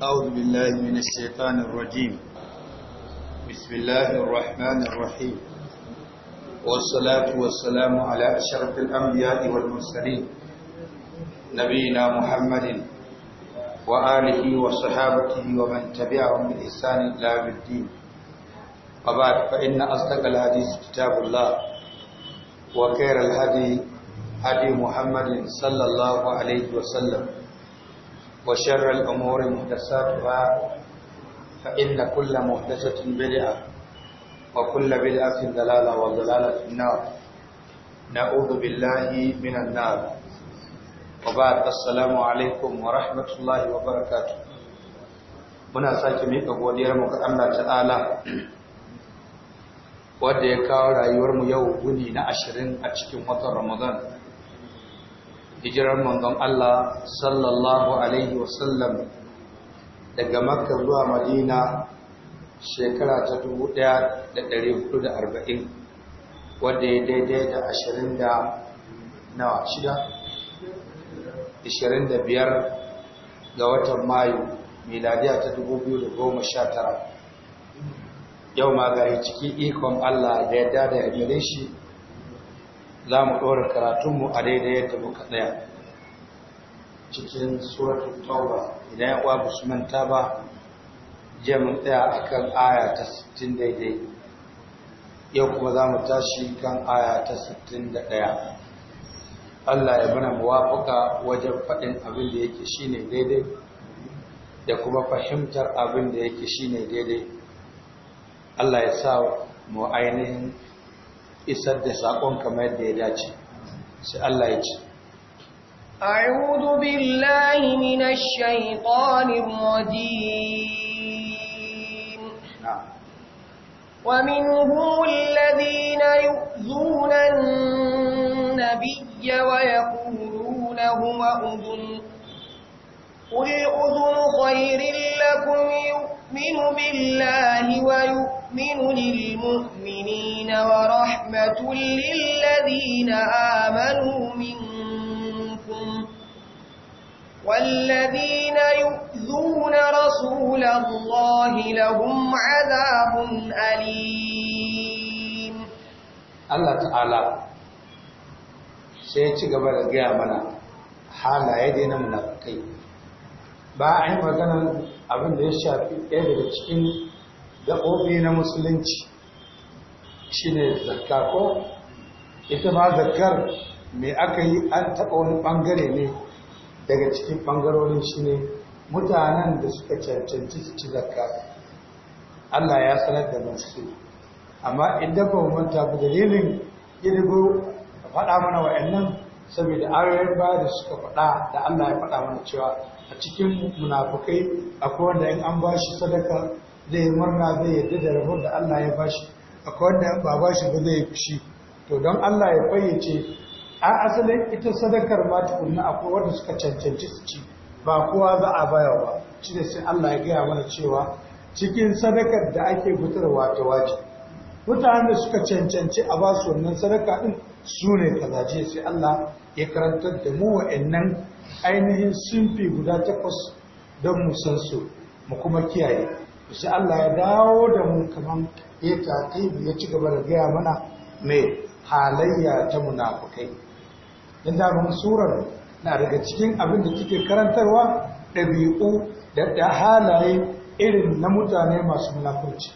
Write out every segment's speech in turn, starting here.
أعوذ بالله من الشيطان الرجيم بسم الله الرحمن الرحيم والصلاة والسلام على أشرف الأنبياء والمرسلين نبينا محمد وآله وصحابته ومن تبعهم بإحسان إلى يوم الدين وبعد فإن أصدق الحديث كتاب الله وخير الهدي هدي محمد صلى الله عليه وسلم وشر الأمور مهدساتها فإن كل مهدسة بدعة وكل بدعة دلالة والدلالة في النار نعوذ بالله من النار وبعد السلام عليكم ورحمة الله وبركاته muna sake miƙa godiyar mu ga Allah ta'ala wanda ya kawo rayuwar mu yau guni na 20 a cikin watan Ramadan hijirar manzon Allah sallallahu alaihi wasallam daga Makka zuwa Madina shekara ta 1440 wanda ya daidai da 20 da nawa shida 25 ga watan Mayu miladiya ta 2019 yau ma gari ciki ikon Allah da ya dada ya gare shi za mu ɗora karatunmu a daidai yadda muka ɗaya cikin suratun tauba idan ya ƙwa su manta ba jiya mu tsaya a kan aya ta 60 daidai yau kuma za mu tashi kan aya ta da ɗaya. Allah ya bana wafuka wajen faɗin abin da yake ne daidai da kuma fahimtar abin da yake ne daidai Allah ya sa mu ainihin isar da saƙon kamar yadda ya dace sai Allah ya ce a'udhu billahi minash shaitanir rajim wa minhu alladhina yu'zuna an-nabiyya wa yaquluna huwa udhun qul udhun khairil lakum يؤمن بالله ويؤمن للمؤمنين ورحمة للذين آمنوا منكم والذين يؤذون رسول الله لهم عذاب أليم الله تعالى سيتي قبل قيامنا حالا يدينا منافقين باعي مغنى abin da ya shafi ɗaya daga cikin gaɓoɓi na musulunci shine ne zakka ko ita ma zakkar mai aka yi an taɓa wani ɓangare ne daga cikin ɓangarorin shine ne mutanen da suka cancanci su ci zakka Allah ya sanar da masu amma idan ba mu manta ku dalilin ƙirgo faɗa mana wa'annan saboda ayoyin ba da suka faɗa da Allah ya faɗa mana cewa a cikin munafukai akwai wanda in an ba shi sadaka zai murna zai yarda da rabon da Allah ya ba shi akwai wanda ba ba shi ba zai fushi to don Allah ya fayyace a asalin ita sadakar ma tukunna akwai wanda suka cancanci su ci ba kowa za a baya ba shi da sai Allah ya gaya mana cewa cikin sadakar da ake fitarwa ta wajibi mutanen da suka cancanci a basu wannan sadaka din su ne kazaje sai Allah ya karantar da mu wa'annan ainihin simfi guda takwas don mu san su mu kuma kiyaye sai Allah ya dawo da mu kaman ya taqibi ya ci gaba da gaya mana mai halayya ta munafukai dan da mun surar na daga cikin abin da take karantarwa ɗabi'u da halaye irin na mutane masu munafurci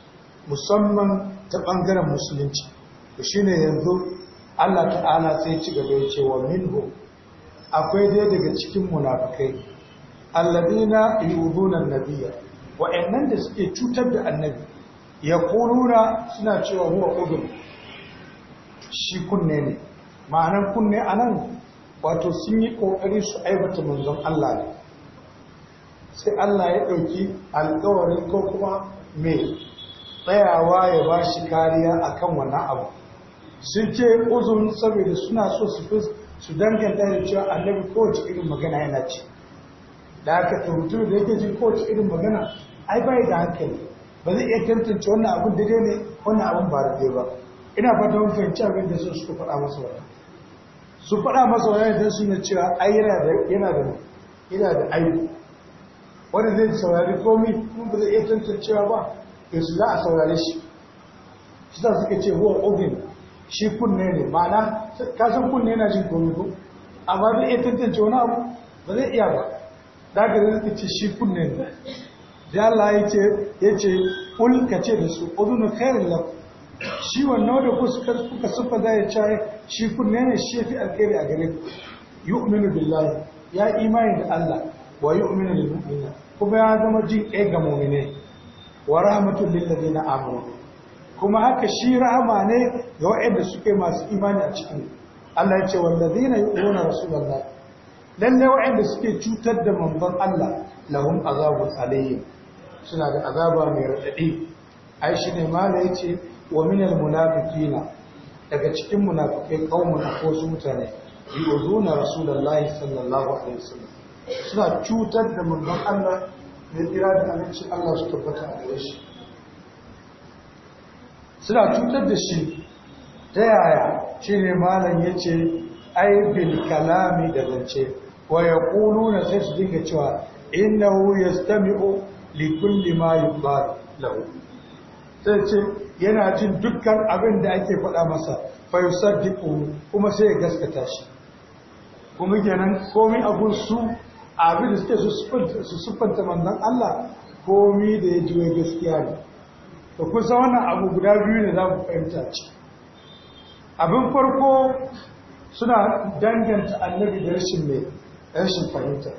musamman ta ɓangaren musulunci shi ne yanzu allah ta'ala sai ci gaba ya ce wa minhu akwai dai daga cikin munafukai allabina yuzunan nabiya wa'annan da suke cutar da annabi ya kuluna suna cewa huwa udun shi kunne ne ma'ana kunne anan wato sun yi kokari su aibata manzon Allah sai Allah ya ɗauki alƙawarin ko kuma mai tsayawa ya ba shi kariya a kan wannan abu sun ce uzun saboda suna so su danganta da cewa annabi kowace irin magana yana ce da aka turutu da yake jin kowace irin magana ai bai da hankali ba zai iya tantance wannan da dai ne wannan abun ba daidai ba ina fata wani fahimci abin da su suka faɗa masa wannan su faɗa masa wannan idan su ne cewa ai yana da yana da ayu wanda zai saurari komi kuma ba zai iya tantancewa ba yanzu za a saurare shi shi za suka ce huwa ogin shi kunne ne ma'ana kasan kunne yana jin komi ko amma zai iya tantance wani abu ba zai iya ba da zai suke ce shi kunne ne da Allah ya ce ya ce ul ka ce da su udunu khairul lafi shi wannan da kuka suka zai ce shi kunne ne shi fi alkhairi a gare ku yu'minu billahi ya imani da Allah wa yu'minu lil mu'minin kuma ya zama jin ɗaya ga mu'mine wa rahmatul lil ladina amanu kuma haka shi rahama ne ga waɗanda suke masu imani a cikin Allah ya ce wal ladina yu'minuna rasulullah lalle waɗanda suke cutar da manzon Allah lahum azabun alayhim suna da azaba mai radadi ai shine mala yace wa minal munafiqina daga cikin munafikai kaumun ko su mutane yu'zuna rasulullahi sallallahu alaihi wasallam suna cutar da manzon Allah mai tsira da aminci Allah su tabbata a gare shi suna cutar da shi ta yaya shi ne malam ya ce aibin kalami da zance wa ya na sai su dinga cewa innahu yastami'u li kulli ma ba lau sai ce yana jin dukkan abin da ake faɗa masa fa Dikku, kuma sai ya gaskata shi kuma kenan komai abun su abin da suke su siffanta manzon Allah komi da ya juya gaskiya ne da kusa wannan abu guda biyu ne za mu fahimta ce abin farko suna danganta annabi da rashin mai rashin fahimta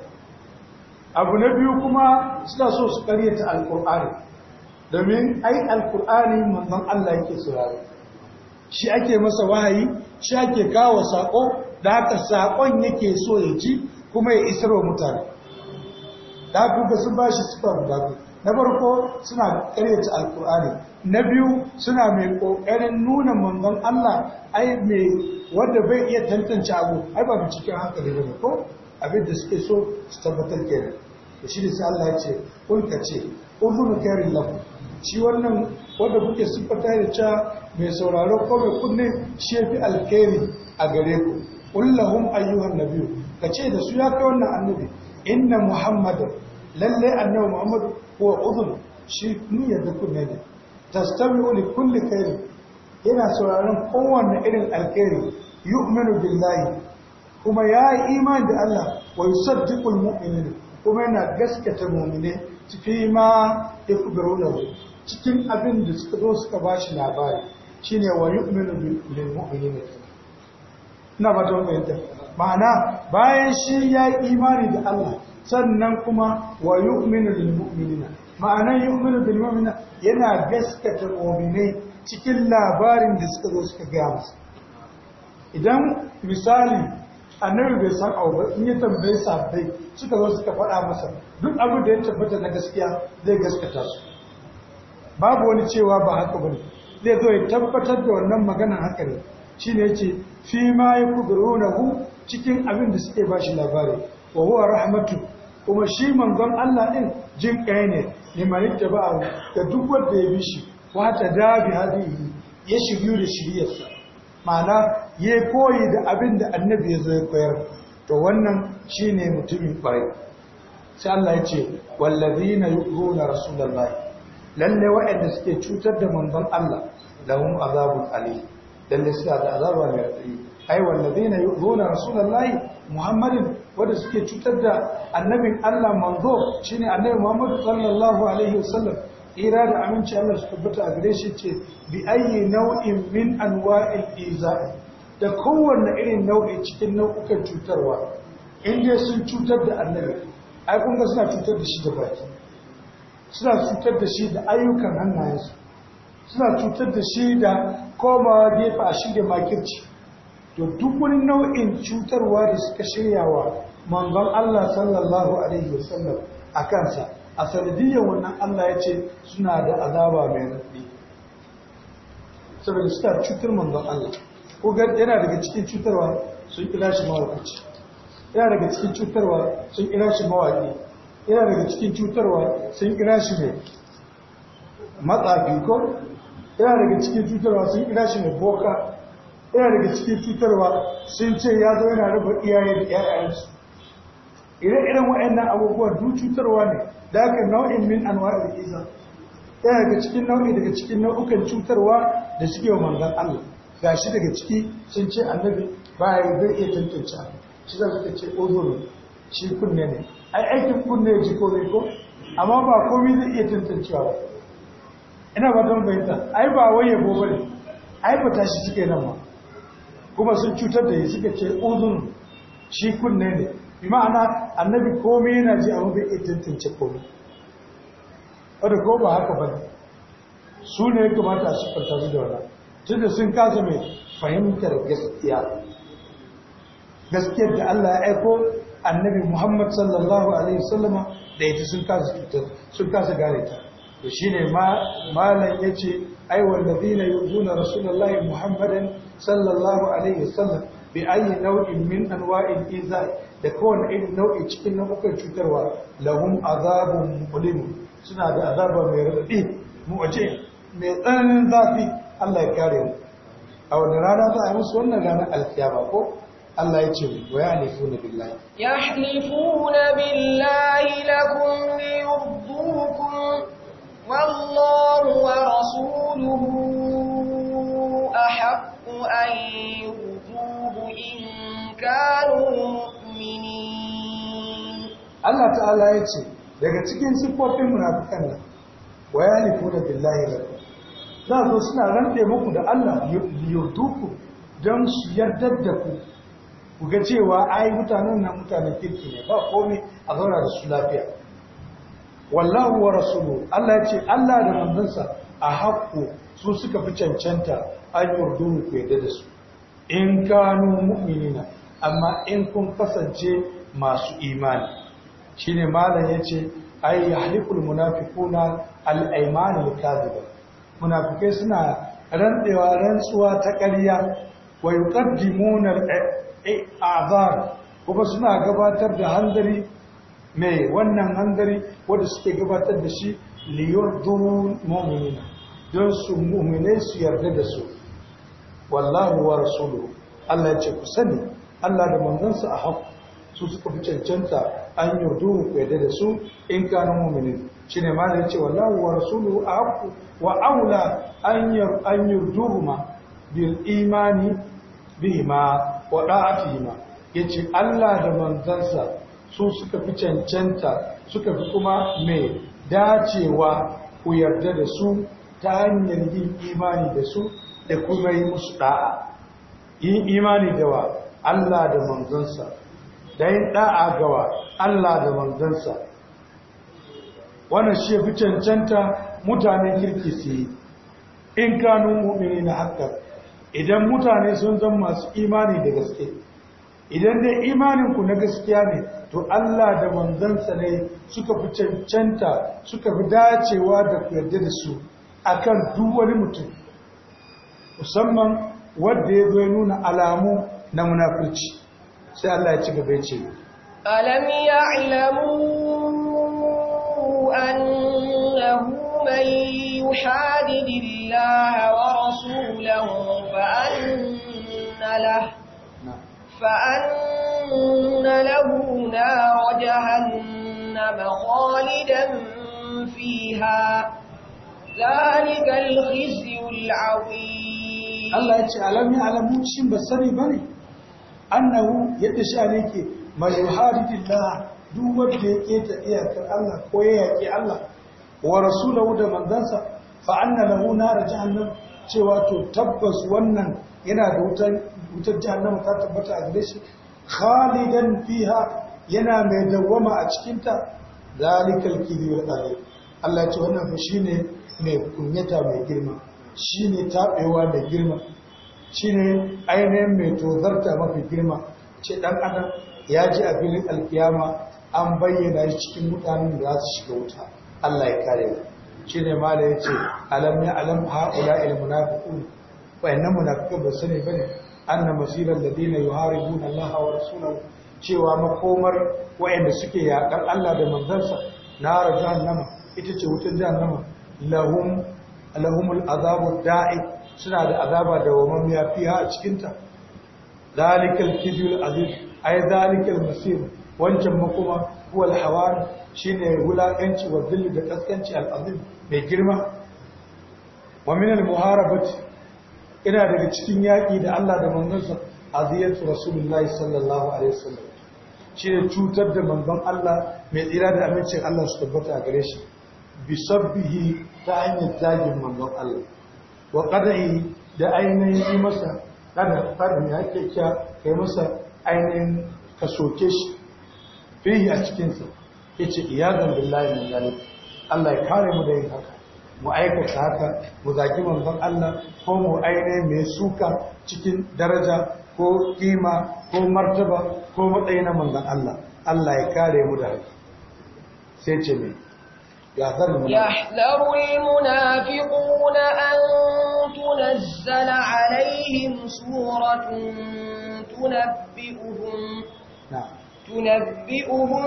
abu na biyu kuma suna so su karyata alkur'ani domin ai alkur'ani manzon Allah yake saurari shi ake masa wahayi shi ake kawo sako da haka sakon yake so ya ji kuma ya isar wa mutane da kuka sun bashi suka guda na farko suna ƙaryata alkur'ani na biyu suna mai kokarin nuna manzon Allah ai mai wanda bai iya tantance abu ai ba mu binciken hankali ba, ko abin da suke so su tabbatar kenan to shi ne sai Allah ya ce kun ka ce uzunu karin lahu shi wannan wanda kuke siffata da cewa mai sauraro ko mai kunne shi ya fi alkhairi a gare ku ƙullahun ayyuhan na biyu ka ce da su ya kai wannan annabi inna Muhammadu, lalle annabi muhammad huwa udhun shi niyyar da kunne ne tastabi'u li kulli khair yana sauraron kowanne irin alkhairi yu'minu billahi kuma ya yi imani da Allah wa yusaddiqu almu'minina kuma yana gaskata mu'mine fi ma yakbiruna cikin abin da suka zo suka bashi labari shine wa yu'minu bil mu'minina na ba ta ma'ana bayan shi ya yi imani da Allah sannan kuma wa yi yu'minu da mu'minina ma'ana yu'minu da mu'minina yana gaskata mu'minai cikin labarin da suka zo suka gaya masa. idan misali annabi bai san abu ba in yi tambayi sabbai suka zo suka faɗa masa duk abin da ya tabbata na gaskiya zai gaskata su babu wani cewa ba haka bane zai zo ya tabbatar da wannan maganar haka ne shine yace fi ma yakudrunahu cikin abin da suke bashi labari wa huwa rahmatu kuma shi manzon Allah ɗin jin kai ne liman ittaba'a da duk wanda ya bi shi wa dabi hadihi ya shiryu da shiryarsa, ma'ana ya koyi da abin da annabi ya zo ya koyar to wannan shine mutumin kwarai sai Allah ya ce wallazina na rasulullahi lalle wa'anda suke cutar da manzon Allah lahum azabun alim da suna da azaba mai tsaye ai wallazina yu'zuna rasulullahi muhammadin wanda suke cutar da annabin Allah manzo shine annabi Muhammad sallallahu alaihi wasallam ira da aminci Allah su tabbata a gare shi ce bi ayyi nau'in min anwa'il iza'i da kowanne irin nau'i cikin nau'ukan cutarwa in dai sun cutar da annabi ai kun ga suna cutar da shi da baki suna cutar da shi da ayyukan hannayensu suna cutar da shi da koma gefe a shirya makirci da duk wani nau'in cutarwa da suka shiryawa manzon Allah sallallahu alaihi wasallam a kansa a sanadiyyar wannan Allah ya ce suna da azaba mai raɗi saboda suna cutar manzon Allah ko yana daga cikin cutarwa sun kira shi mawakaci yana daga cikin cutarwa sun kira shi mawaki yana daga cikin cutarwa sun kira shi mai matsafi ko yana daga cikin cutarwa sun ina shi mai boka yana daga cikin cutarwa sun ce ya zo yana rufe iyaye da ƴaƴansu ire-iren wa'annan abubuwa duk cutarwa ne da aka nau'in min anwa'il iza yana daga cikin nau'i daga cikin nau'ukan cutarwa da suke wa manzon Allah gashi daga ciki sun ce annabi ba ya zai iya tantance shi za su ce ozoro shi kunne ne ai aikin kunne ya ji komai ko amma ba komai zai iya tantancewa ba ina ba don bayyanta ai ba wai yabo ba ne ai ba tashi suke nan ba kuma sun cutar da ya suka ce uzun shi kunne ne bi ma'ana annabi komai yana ji a wajen ya tantance komai wadda ko ba haka ba ne su ne ya kamata a shifarta su da wani tun da sun kasa mai fahimtar gaskiya gaskiyar da Allah ya aiko annabi Muhammad sallallahu alaihi wasallama da ita sun kasa gare ta to shine malam yace ai wallazina yuzuna rasulullahi muhammadan sallallahu alaihi wasallam bi ayi nau'in min anwa'il izai da kowane irin nau'i cikin nau'ukan cutarwa lahum azabun muqlim suna da azaba mai radadi mu wace mai tsananin zafi Allah ya kare mu a wani rana za a yi musu wannan rana alkiyama ko Allah ya ce wa ya halifu na billahi. Ya halifu na billahi lakum liyurdukum والله ورسوله أحق أن يرجوه إن كانوا مؤمنين الله تعالى يتشي daga cikin siffofin munafikan nan wa yalifuna billahi lakum za zo suna rantse muku da Allah yurduku don su yarda da ku ku ga cewa ai mutanen nan mutanen kirki ne ba komai a zauna da su lafiya wallahu wa rasulu Allah ya ce Allah da manzansa a haƙƙo su suka fi cancanta an yurdu ku yadda da su in kanu mu'minina amma in kun kasance masu imani shine malam ce, ay ya munafiquna al ayman al kadhiba munafikai suna rantsewa rantsuwa ta ƙarya wa yuqaddimuna al a'zar kuma suna gabatar da hanzari mai wannan hangari wanda suke gabatar da shi liyar durun mu'minina don su mummine su yarda da su wallahu wa rasulu Allah ya ce ku sani Allah da manzansa a haku su suka fi cancanta an yi duhu ku yarda da su in kanu shi ne ma da ce, wallahu wa rasulu a haku wa aula an yi duhu ma bil imani bihima wa Ya ce, Allah da manzansa su suka fi cancanta suka fi kuma mai dacewa ku yarda da su ta hanyar yin imani da su da kuma yi musu da'a yin imani da wa Allah da manzansa da yin da'a wa Allah da manzansa wannan shi fi cancanta mutanen kirki su yi in kanun mu'mini na hakkar idan mutane sun zama masu imani da gaske idan dai imaninku na gaskiya ne to Allah da manzansa ne suka fi cancanta suka fi dacewa da ku yarda da su akan duk wani mutum musamman wanda ya zo ya nuna alamu na munafurci sai Allah ya ci gaba ya ce alam ya'lamu annahu man yuhadidillaha wa rasulahu fa anna lahu fa له نار جهنم خالدا فيها ذلك الخزي العظيم الله يتشي علم يعلم شين بسني بني أنه يتشي عليك ما يحارب الله duk wanda ya keta iyakar Allah ko ya yaƙi Allah wa rasulahu da manzansa fa anna nar jahannam cewa to tabbas wannan yana da wutar jahannama ta tabbata a gare shi khalidan fiha yana mai dawwama a cikinta zalikal kidiyul alim Allah ya ce wannan fa shine mai kunyata mai girma shine tabewa mai girma shine ainihin mai tozarta mafi girma ce dan adam ya ji a filin alkiyama an bayyana shi cikin mutanen da za su shiga wuta Allah ya kare mu shine mala yace alam ya alam haula al wa inna munafiqun basani bane anna masirul ladina yuharibuna Allah wa rasulahu cewa makomar wayanda suke yakar Allah da manzansa nar jahannama ita ce wutar jahannama lahum lahumul azabu da'i suna da azaba da waman ya fiha a cikin ta zalikal kidul aziz ay zalikal masir wancan makoma huwal hawan shine wulakanci wa dhilli da kaskanci al azim mai girma wa min al muharabati ina daga cikin yaƙi da Allah da manzansa aziyatu rasulullahi sallallahu alaihi wasallam shi ne cutar da manzon Allah mai tsira da amincin Allah su tabbata a gare shi sabbihi ta hanyar zagin manzon Allah wa qada'i da ainihin yi masa kada fara ya ke kya kai masa ainihin ka soke shi fihi a cikinsa yace iyadan billahi min zalik Allah ya kare mu da yin haka mu aikata haka mu zaki manzon Allah ko mu aine mai suka cikin daraja ko kima ko martaba ko matsayi na manzon Allah Allah ya kare mu da haka sai ce mai يحذر المنافقون an تنزل عليهم سورة تنبئهم تنبئهم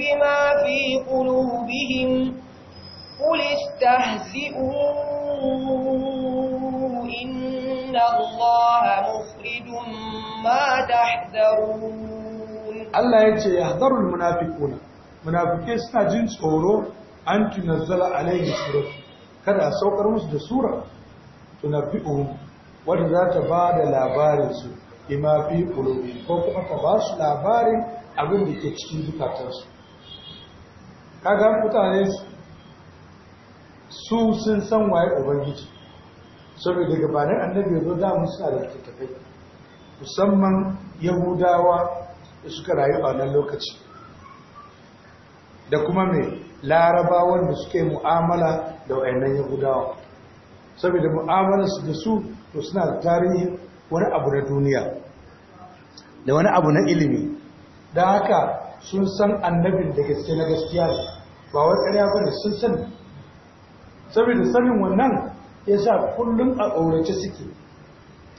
bima fi qulubihim قل استهزئوا إن الله مخرج ما تحذرون الله يتي يحذر المنافقون منافقين سنجين صورو أن تنزل عليه سورة كان سوكر مسجد سورة تنبئهم wadda ta لابارس da في ima فوق ƙulobi ko أبن ta ba su labarin abin da su sun san waye ubangiji saboda gabanin annabi yazo da mun sa da tattafai musamman yahudawa da suka rayu a nan lokaci da kuma mai larabawan da suke mu'amala da wayannan yahudawa saboda su da su to suna da tarihi wani abu na duniya da wani abu na ilimi da haka sun san annabin da gaske na gaskiya ba wani ƙarya ba sun san saboda sanin wannan ya sa kullum a ƙaurace suke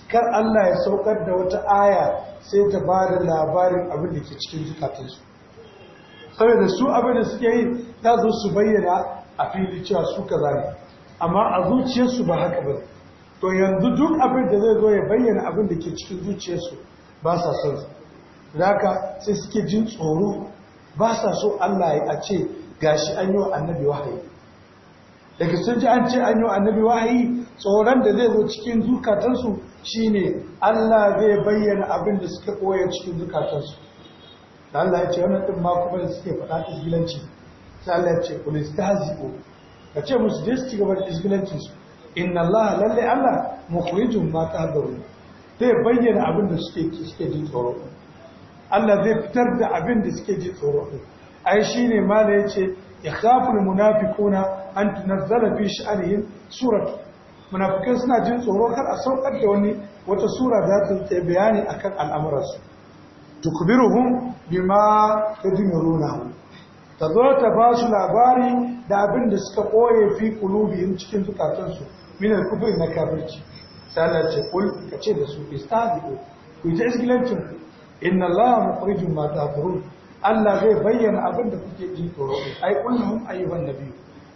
kar Allah ya saukar da wata aya sai ta ba da labarin abin da ke cikin zukatansu saboda su abin da suke yi ta zo su bayyana a fili cewa su ka zane amma a zuciyarsu ba haka ba to yanzu duk abin da zai zo ya bayyana abin da ke cikin zuciyarsu ba sa son su sai suke jin tsoro ba sa so Allah ya ce gashi an yi wa annabi wahayi daga sun ji an ce an yi annabi wahayi tsoron da zai zo cikin zukatansu shine Allah zai bayyana abin da suka koya cikin zukatansu da Allah ya ce wannan din ma kuma da suke faɗa isgilanci sai Allah ya ce kul istahzi'u ka ce musu dai su ci gaba da isgilancin su inna Allah lalle Allah mukhrijum ma tahdaru zai bayyana abin da suke suke ji tsoro Allah zai fitar da abin da suke ji tsoro ai shine ma da yace yakhaful munafiquna an tunzala fi sha'rihim suratu munafiqun suna jin tsoro kar a saukar da wani wata sura za ta yi bayani akan al'amuransu tukbiruhum bima tadmiruna ta ta ba labari da abin da suka koye fi qulubihim cikin zukatansu min al na kafirci sai Allah ce kul kace da su istadiku ku ji isgilancin inna allaha mukhrijum ma ta'thurun Allah zai bayyana abin da kuke jin tsoro ai kullum ayyuhan nabi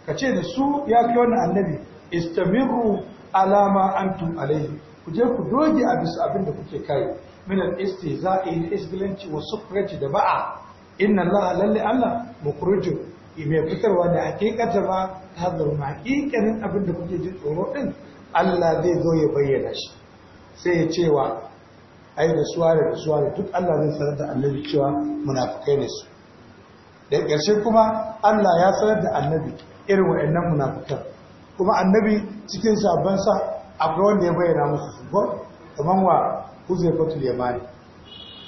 ka ce da su ya kai wannan annabi istamiru ala ma antum alayhi ku je ku doge a bisa abin da kuke kai min al istihza'i da isgilanci wa sufraji da ba'a inna Allah lalle Allah mukhrijun mai fitarwa da hakikata ba ta hazar ma hakikanin abin da kuke jin tsoro din Allah zai zo ya bayyana shi sai ya cewa ai da suwa da suwa da duk Allah zai sanar da annabi cewa munafikai ne su da ƙarshe kuma Allah ya sanar da annabi irin wa'annan munafikan kuma annabi cikin sabon sa akwai wanda ya bayyana musu su ko kaman wa Huzaifatul Yamani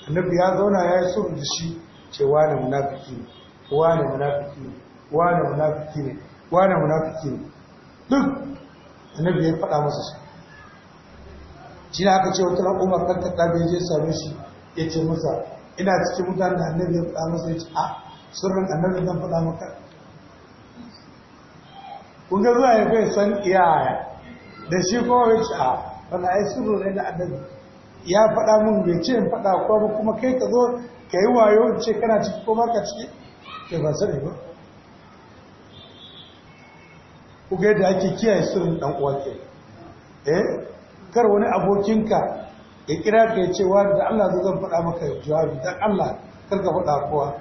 annabi ya zauna ya yi so da shi cewa na munafiki ne wane munafiki ne wane munafiki ne wane munafiki ne duk annabi ya faɗa masa su shi na aka ce wata ran umar kan kaɗa bai je same shi ya ce masa ina cikin mutane da annabi ya faɗa masa ya ce a ah, sirrin annabi zan faɗa maka kun ga zuwa ya kai san iyaya da shi kuma ya ce a ah, wanda ai sirrin ne na annabi ya faɗa mun bai ce in faɗa ko kuma kai ka zo ka yi wayo in ce kana ciki ko baka ciki ke ba sani ba ku ga yadda ake kiyaye sirrin ɗan uwa ke eh kar wani abokinka ya kira ka ya ce wa da Allah zai zan faɗa maka jawabi dan Allah kar ka faɗa kowa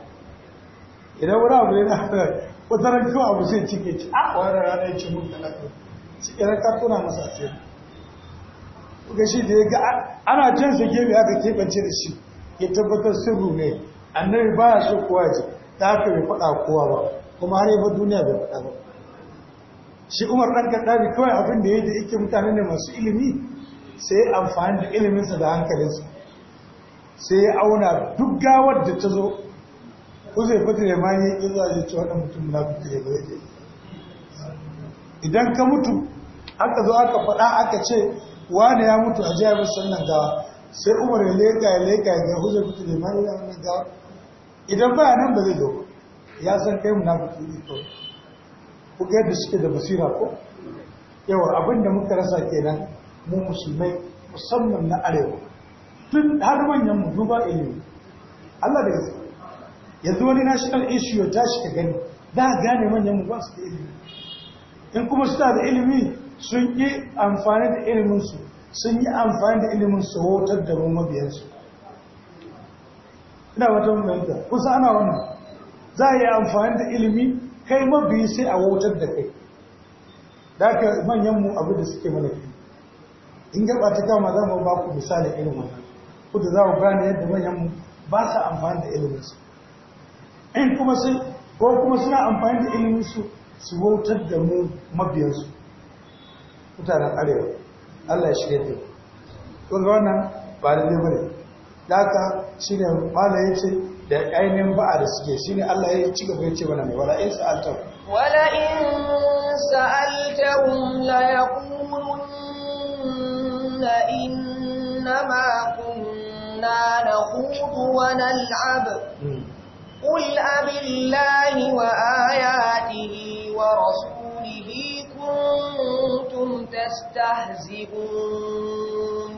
idan wani abu yana wata ran kawai abu sai cike ci a ah, wani rana ya ce mun talaka ci ɗan ka tuna masa ce kuka shi da ya ga ana jan sa gebe aka keɓance da shi ya tabbatar sirru ne annabi baya so kowa ya ce da haka bai faɗa kowa ba kuma har yaba duniya bai faɗa ba shi umar ɗan kaɗari kawai abin da ya da yake mutane ne masu ilimi sai amfani da iliminsa da hankalinsa sai ya auna duk gawar da ta zo zai fata da ma yi ƙiza zai ci waɗanda mutum na fita da zai je idan ka mutu aka zo aka faɗa aka ce wani ya mutu a jihar nan gawa sai umar ya leka ya leka ya ga uzai fata ya ma yi wannan gawa idan ba nan ba zai zo ya san kai mu na fita da to ku ga yadda suke da basira ko yawa abin da muka rasa kenan mu musulmai musamman na arewa tun har manyan mu duba ilimi Allah da gaske yanzu wani national issue ya tashi ka gani da gane manyan mu ba su da ilimi in kuma suna da ilimi sun yi amfani da iliminsu sun yi amfani da ilimin su hotar da su ina wata mamanta kusa ana wannan za a yi amfani da ilimi kai mabiyi sai a wotar da kai da aka manyan mu abu da suke mana in gaba ta kama za mu ba ku misali irin wannan ku da za ku gane yadda manyan ba sa amfani da ilimin su in kuma sun ko kuma suna amfani da ilimin su su wautar da mu mabiyan su mutanen arewa Allah ya shirya da ku ga wannan ba da bane da haka shine malai yace da ainihin ba'a da suke shi ne Allah ya ci gaba ya ce mana wala in sa'alta wala in sa'altahum la yaqulun قل إنما كنا نخوض ونلعب قل أب الله وآياته ورسوله كنتم تستهزئون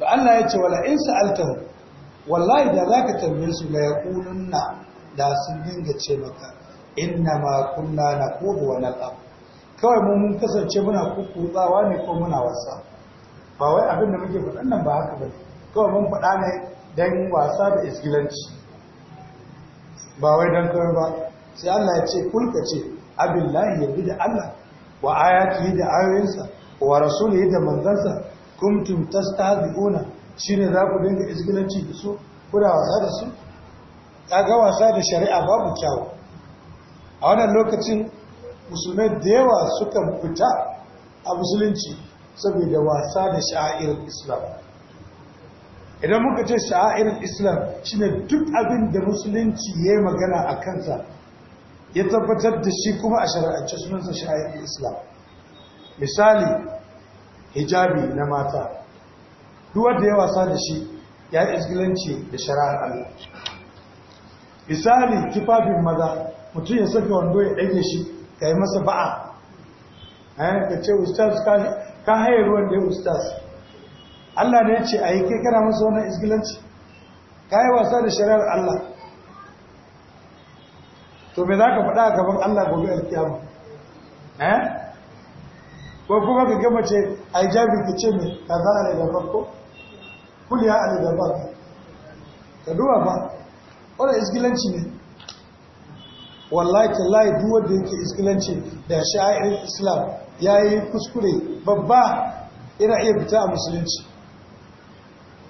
فالله يتي ولا إن سألتهم والله إذا ذاك تنبيس ليقولن da sun dinga ce maka inna ma kunna naqudu wa nal'ab kawai mun kasance muna kukkuzawa ne ko muna wasa ba wai abin da muke faɗan nan ba haka ba kawai mun faɗa ne don wasa da isgilanci ba wai don kawai ba sai Allah ya ce kulka ce abin lahi ya bi da Allah wa ayati da ayoyinsa wa rasuli da manzansa kuntum shi shine za ku dinga isgilanci da su kuna wasa da su kaga wasa da shari'a babu kyau. a wannan lokacin musulmai da yawa suka fita a musulunci saboda wasa da sha'irin islam idan muka ce sha'irin islam shi ne duk abin da musulunci ya yi magana a kansa ya tabbatar da shi kuma a shara'ance sunansa sha'irin islam misali hijabi na mata duwar da ya wasa da shi ya yi isgilanci da shara'ar allah misali tufafin maza mutum ya saka wando ya ɗage shi ka yi masa ba'a eh, ka ce ustaz ka haye ruwan da ya ustaz Allah da ya ce a yi kai kana masa wannan isgilanci ka yi wasa da shari'ar Allah to me za ka faɗa a gaban Allah gobe alkiyama eh ko kuma ka gama ce a yi jabi ka ce mai ka za a da farko kuliya a da farko ka duba ba wannan isgilanci ne wallahi tallahi duk wanda yake isgilanci da sha'irin islam ya yi kuskure babba ina iya fita a musulunci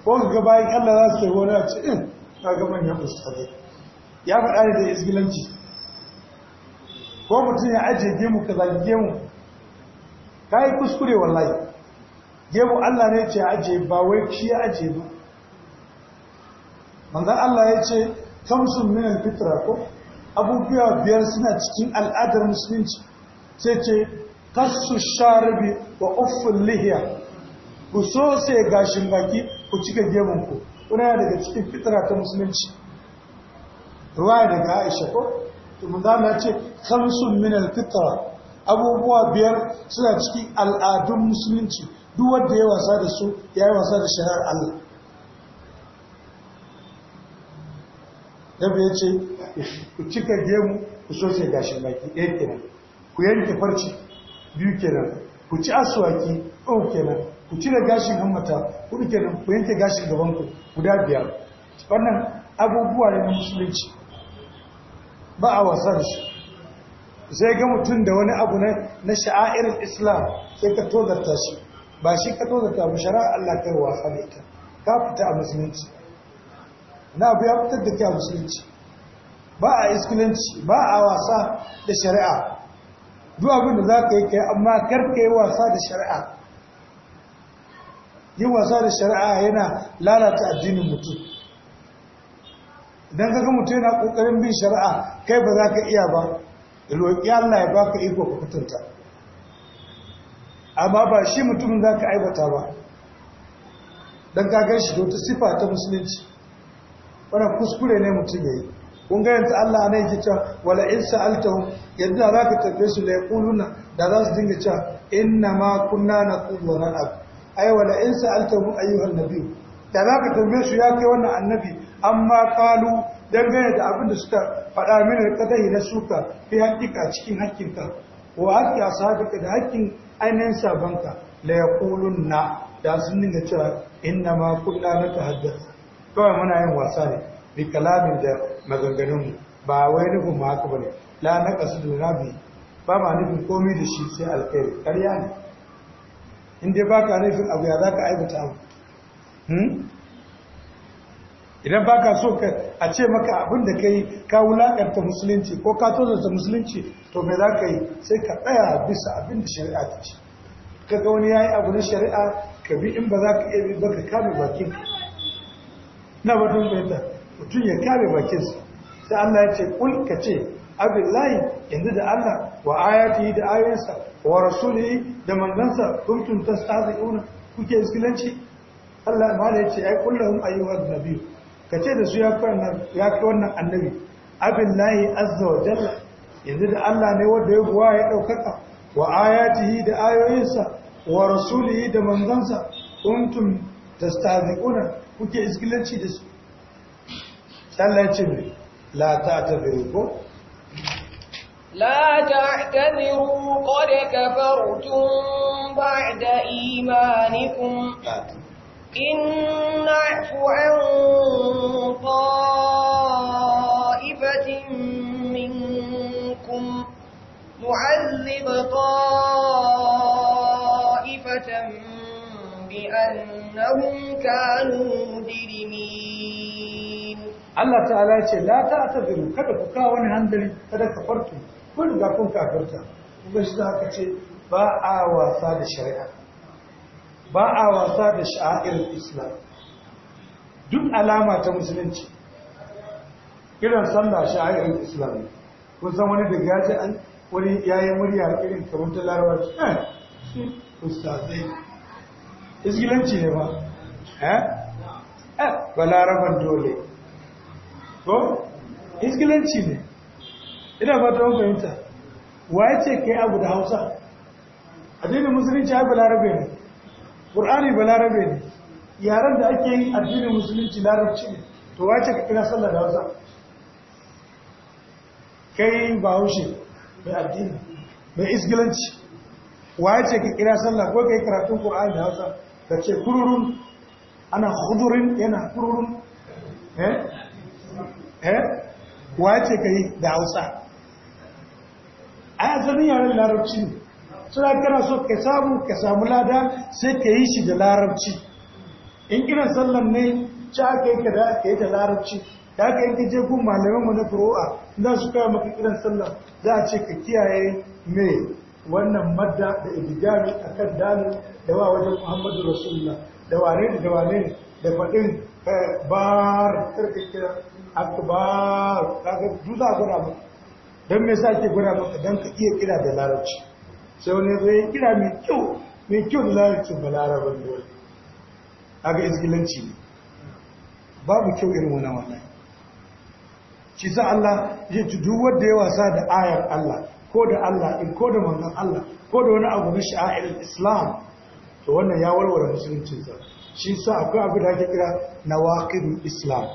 ko ga bayan allah za su ke wani a cikin eh, kaga manyan musulmai ya faɗa ne da izgilanci ko mutum ya ajiye gemu ka zagi gemu ka yi kuskure wallahi gemu allah ne ce ajiye ba wai shi ya ajiye ba manzan allah ya ce kamsun minan fitra ko abubuwa biyar suna cikin al'adar musulunci sai ce kasu sharibi wa uffin lihiya ku so sai gashin baki ku cika gemunku kuna yana daga cikin fitra ta musulunci ruwa daga aisha ko tumun za mu ce khamsun min fitra abubuwa biyar suna cikin al'adun musulunci duk wanda ya wasa da su ya yi wasa da shahar Allah dabi ya ce ku cika gemu ku so sai gashin baki ɗaya kenan ku yanke farci biyu kenan ku ci asuwaki ɗau kenan ku cire gashin hammata hudu kenan ku yanke gashin gaban ku guda biyar wannan abubuwa ne na musulunci ba a wasa da shi. sai ga mutum da wani abu na sha'airin islam sai ka tozarta shi ba shi ka tozarta ba shara'a Allah kai wasa da ita ka fita a musulunci na abu ya fitar da kai a musulunci ba a iskulanci ba a wasa da shari'a duk abin da za ka yi kai amma karka yi wasa da shari'a yi wasa da shari'a yana lalata addinin mutum idan ka ga mutum yana ƙoƙarin bin shari'a kai ba za ka iya ba roƙi Allah ya ka iko ka fitunta amma ba shi mutumin za ka aibata ba don ka gan shi da wata sifa ta musulunci wadda kuskure ne mutum ya yi kun ga yanzu Allah ne yake cewa wala in sa'altahum yadda za ka tafi su da yaquluna da za su dinga cewa inna ma kunna naqulu wa nal'ab ay wala in sa'altahum ayyuhan nabi da za ka tafi su ya kai wannan annabi amma kalu dangane da abin da suka faɗa mini kadai na suka fi hakika cikin hakinka wa hakki ashabika da hakkin ainihin sabanka la yaquluna da sun dinga cewa inna ma kunna natahaddath kawai muna yin wasa ne bi kalamin da maganganun ba wai nufin mu haka bane la naqasudu nabi ba ma nufin komai da shi sai alkhairi ƙarya ne in dai baka nufin abu ya zaka aibata abu hmm? idan baka so ka a ce maka abin da kai ka wulakanta musulunci ko ka tozarta musulunci to me za ka yi sai ka tsaya bisa abin da shari'a ta ce ka ga wani yayi abu na shari'a ka bi in ba za ka iya bi ba ka kame bakin na batun bayyana mutum ya kare bakinsa sai Allah ya ce kul ka ce abillahi yanzu da Allah wa ayati da ayoyinsa wa rasulihi da manzansa kuntum tastazi'una kuke iskilanci Allah ma da yace ai kullahum ayyuhan nabiy ka ce da su ya kai ya kai wannan annabi abillahi azza wa jalla yanzu da Allah ne wanda ya guwa ya daukaka wa ayatihi da ayoyinsa wa rasulihi da manzansa kuntum tastazi'una kuke iskilanci da su tallacin la ta ta لا تعتذروا قد كفرتم بعد إيمانكم إن نعفو عن طائفة منكم نعذب طائفة بأنهم كانوا مدين Allah ta'ala ce la ta'tadiru kada ku kawo wani handali kada ka farko ko da kun kafirta kuma shi zaka ce ba a wasa da shari'a ba a wasa da sha'airar Islam duk alama ta musulunci irin sallah sha'airar Islam kun san wani da gaji an wani yayin murya irin kamar ta larabar eh ustazai isgilanci ne ba eh eh ba larabar dole ko iskilanci ne ina fata yinta fahimta ya ce kai abu da hausa addinin musulunci ai balarabe ne ƙur'ani balarabe ne yaren da ake yi addinin musulunci larabci ne to ya ce ka kira sallar da hausa kai haushe mai addini mai iskilanci Wa ya ce ka kira sallah ko kai karatun ƙur'ani da hausa da ce kururun ana hudurin yana kururun eh Eh? wace ka yi da hausa a asalin larabci ne da kana so ka samu ka samu lada sai ka yi shi da larabci in kiran sallan ne ci aka yi ka da ka yi da larabci da aka yi je gun malamin mu na furo'a za su kawo maka kiran sallan za a ce ka kiyaye mai wannan madda da ibigami a kan dalil da wa wajen muhammadu rasulullah da wane da wane da faɗin eh, bar akbar kaga duza gura ba dan me sai ke gura ba don ka iya kira da larabci sai wani zo ya kira mai kyau mai kyau da larabcin ba larabar dole kaga izgilanci ne babu kyau irin wani wannan shi sa Allah ya ji duk wanda ya wasa da ayar Allah ko da Allah in ko da manzon Allah ko da wani abu na sha'a'ir Islam to wannan ya warware musulunci sa shi sa akwai abu da ake kira nawaqidul Islam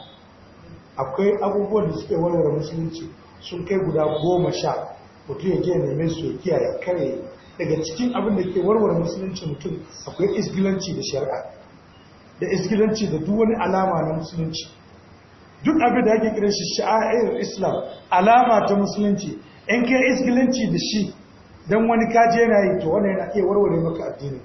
akwai abubuwan da suke warware musulunci sun kai guda goma sha mutum ya je neme su ya kiyaye kare daga cikin abin da ke warware musulunci mutum akwai isgilanci da shari'a da isgilanci da duk wani alama na musulunci duk abin da ake kiran shi sha'a'ir islam alama ta musulunci in kai isgilanci da shi dan wani kaje yana yi to wannan yana iya warware maka addini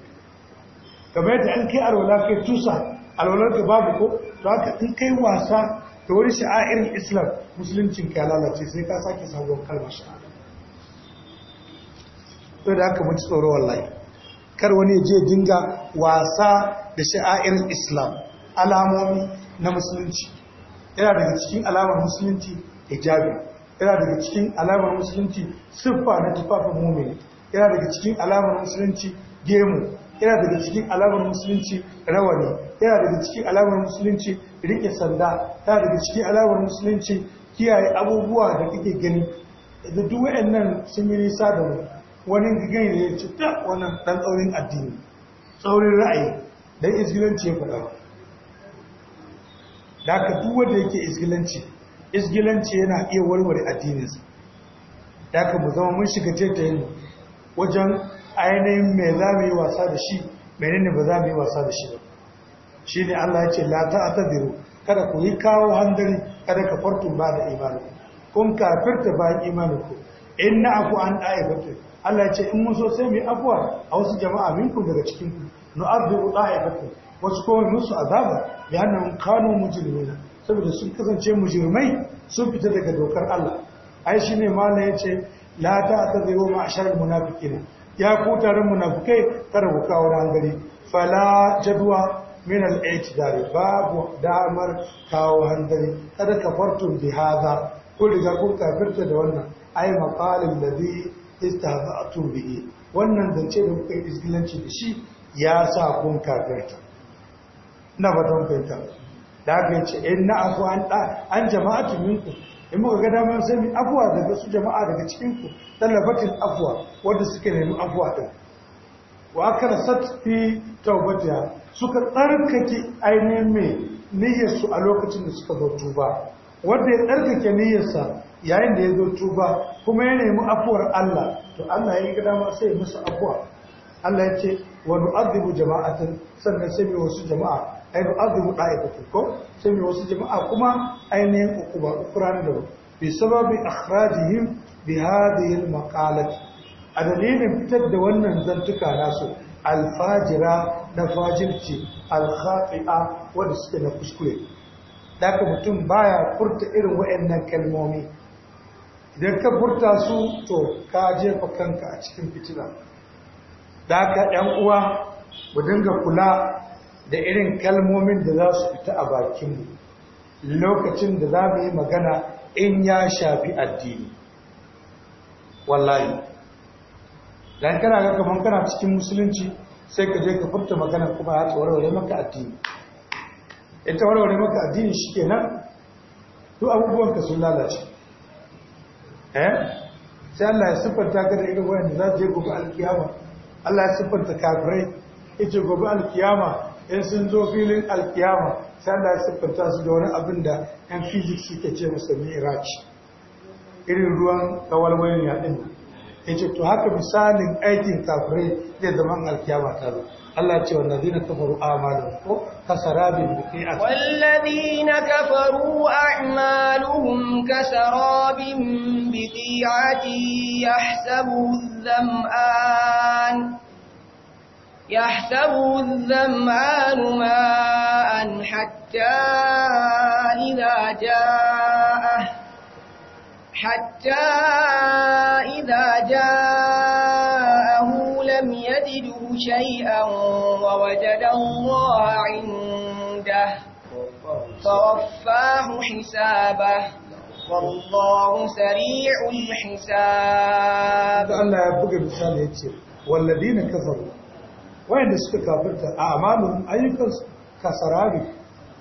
kamar yadda in kai alwala kai tusa alwalar ka babu ko to haka in kai wasa ta wani irin islam musuluncin ka lalace sai ka sake sabon kalmar shi to da aka mutu tsoro wallahi kar wani je dinga wasa da sha'irin islam alamomi na musulunci yana daga cikin alamar musulunci hijabi yana daga cikin alamar musulunci siffa na tufafin mumini yana daga cikin alamar musulunci gemu yana daga cikin alamar musulunci rawani yana daga cikin alamar musulunci rike sanda ta daga cikin alawar musulunci kiyaye abubuwa da kake gani da duk wayannan sun yi nisa da mu wani gigan ya ci wannan dan tsaurin addini tsaurin ra'ayi dan isgilanci ya faɗa da ka duk wanda yake isgilanci isgilanci yana iya warware addininsa da ka mu zama mun shiga yin wajen ainihin mai za mu yi wasa da shi menene ba za mu yi wasa da shi ba shine Allah yace, ce la ta'tadiru kada ku yi kawo handari kada ka fartun ba da imani kun kafirta ba imani ku in na aku an da'ibatu Allah ce in mun so sai mu yi afwa a wasu jama'a minku daga cikin ku nu'adhibu da'ibatu wasu kuma musu azaba bi annahum kano mujrimina saboda sun kasance mujrimai sun fita daga dokar Allah ai shine malai ya ce la ta'tadiru ma'sharal munafiqina ya ku taron munafikai kada ku kawo rangare fala jadwa min al-i'tidal babu damar kawo hanzari kada kafartum bi hadha ko riga kun kafirta da wannan ai maqalin ladhi istahza'tum bihi wannan zance da kuka yi isgilanci da shi ya sa kun kafirta na fatan fahimta da aka yace in na afu an da an jama'atu minku in muka ga damar sai mu afuwa daga su jama'a daga cikin ku talabatin afuwa wanda suke nemi afuwa din wa akara sat fi tawbatiha suka tsarkake ainihin mai niyyarsu a lokacin da suka zo tuba wanda ya tsarkake niyyarsa yayin da ya zo tuba kuma ya nemi afuwar Allah to Allah ya yi gada ma sai musu afuwa Allah ya ce wa nu'adhibu jama'atan sannan sai mai wasu jama'a ai nu'adhibu da'ibatan ko sai mai wasu jama'a kuma ainihin ukuba ukuran da bi sababi akhrajihim bi hadhihi al a dalilin fitar da wannan zantuka nasu alfajira na fajirci alkhati'a wanda suke na kuskure Da daga mutum baya furta irin waɗannan kalmomi idan ka furta su to ka jefa kanka a cikin Da ka ɗan uwa mu dinga kula da irin kalmomin da za su fita a bakinmu lokacin da za mu yi magana in ya shafi addini wallahi dan kana ga kaman kana cikin musulunci sai ka je ka furta magana kuma ya warware maka addini ita warware maka addini shi ke nan duk abubuwanka sun lalace eh sai Allah ya siffanta ka da wayan da za je gobe alkiyama Allah ya siffanta kafirai ce gobe alkiyama in sun zo filin alkiyama sai Allah ya siffanta su da wani abin da yan fizik suke ce musu iraki irin ruwan kawalwayin yaɗin nan yace to haka misalin aikin kafirai zai zama an alkiyama ta zo Allah ce wannan zina kafaru amalan ko kasarabin biqi'a wallazina kafaru a'maluhum kasarabin biqi'ati yahsabu dham'an يحسب الذمآن ماء حتى إذا جاءه حتى جاءه لم يجده شيئا ووجد الله عنده فوفاه حسابه والله سريع الحساب الله يبقى مثال يتي والذين كفروا وين suka kafirta a amalun ayyukan kasarabi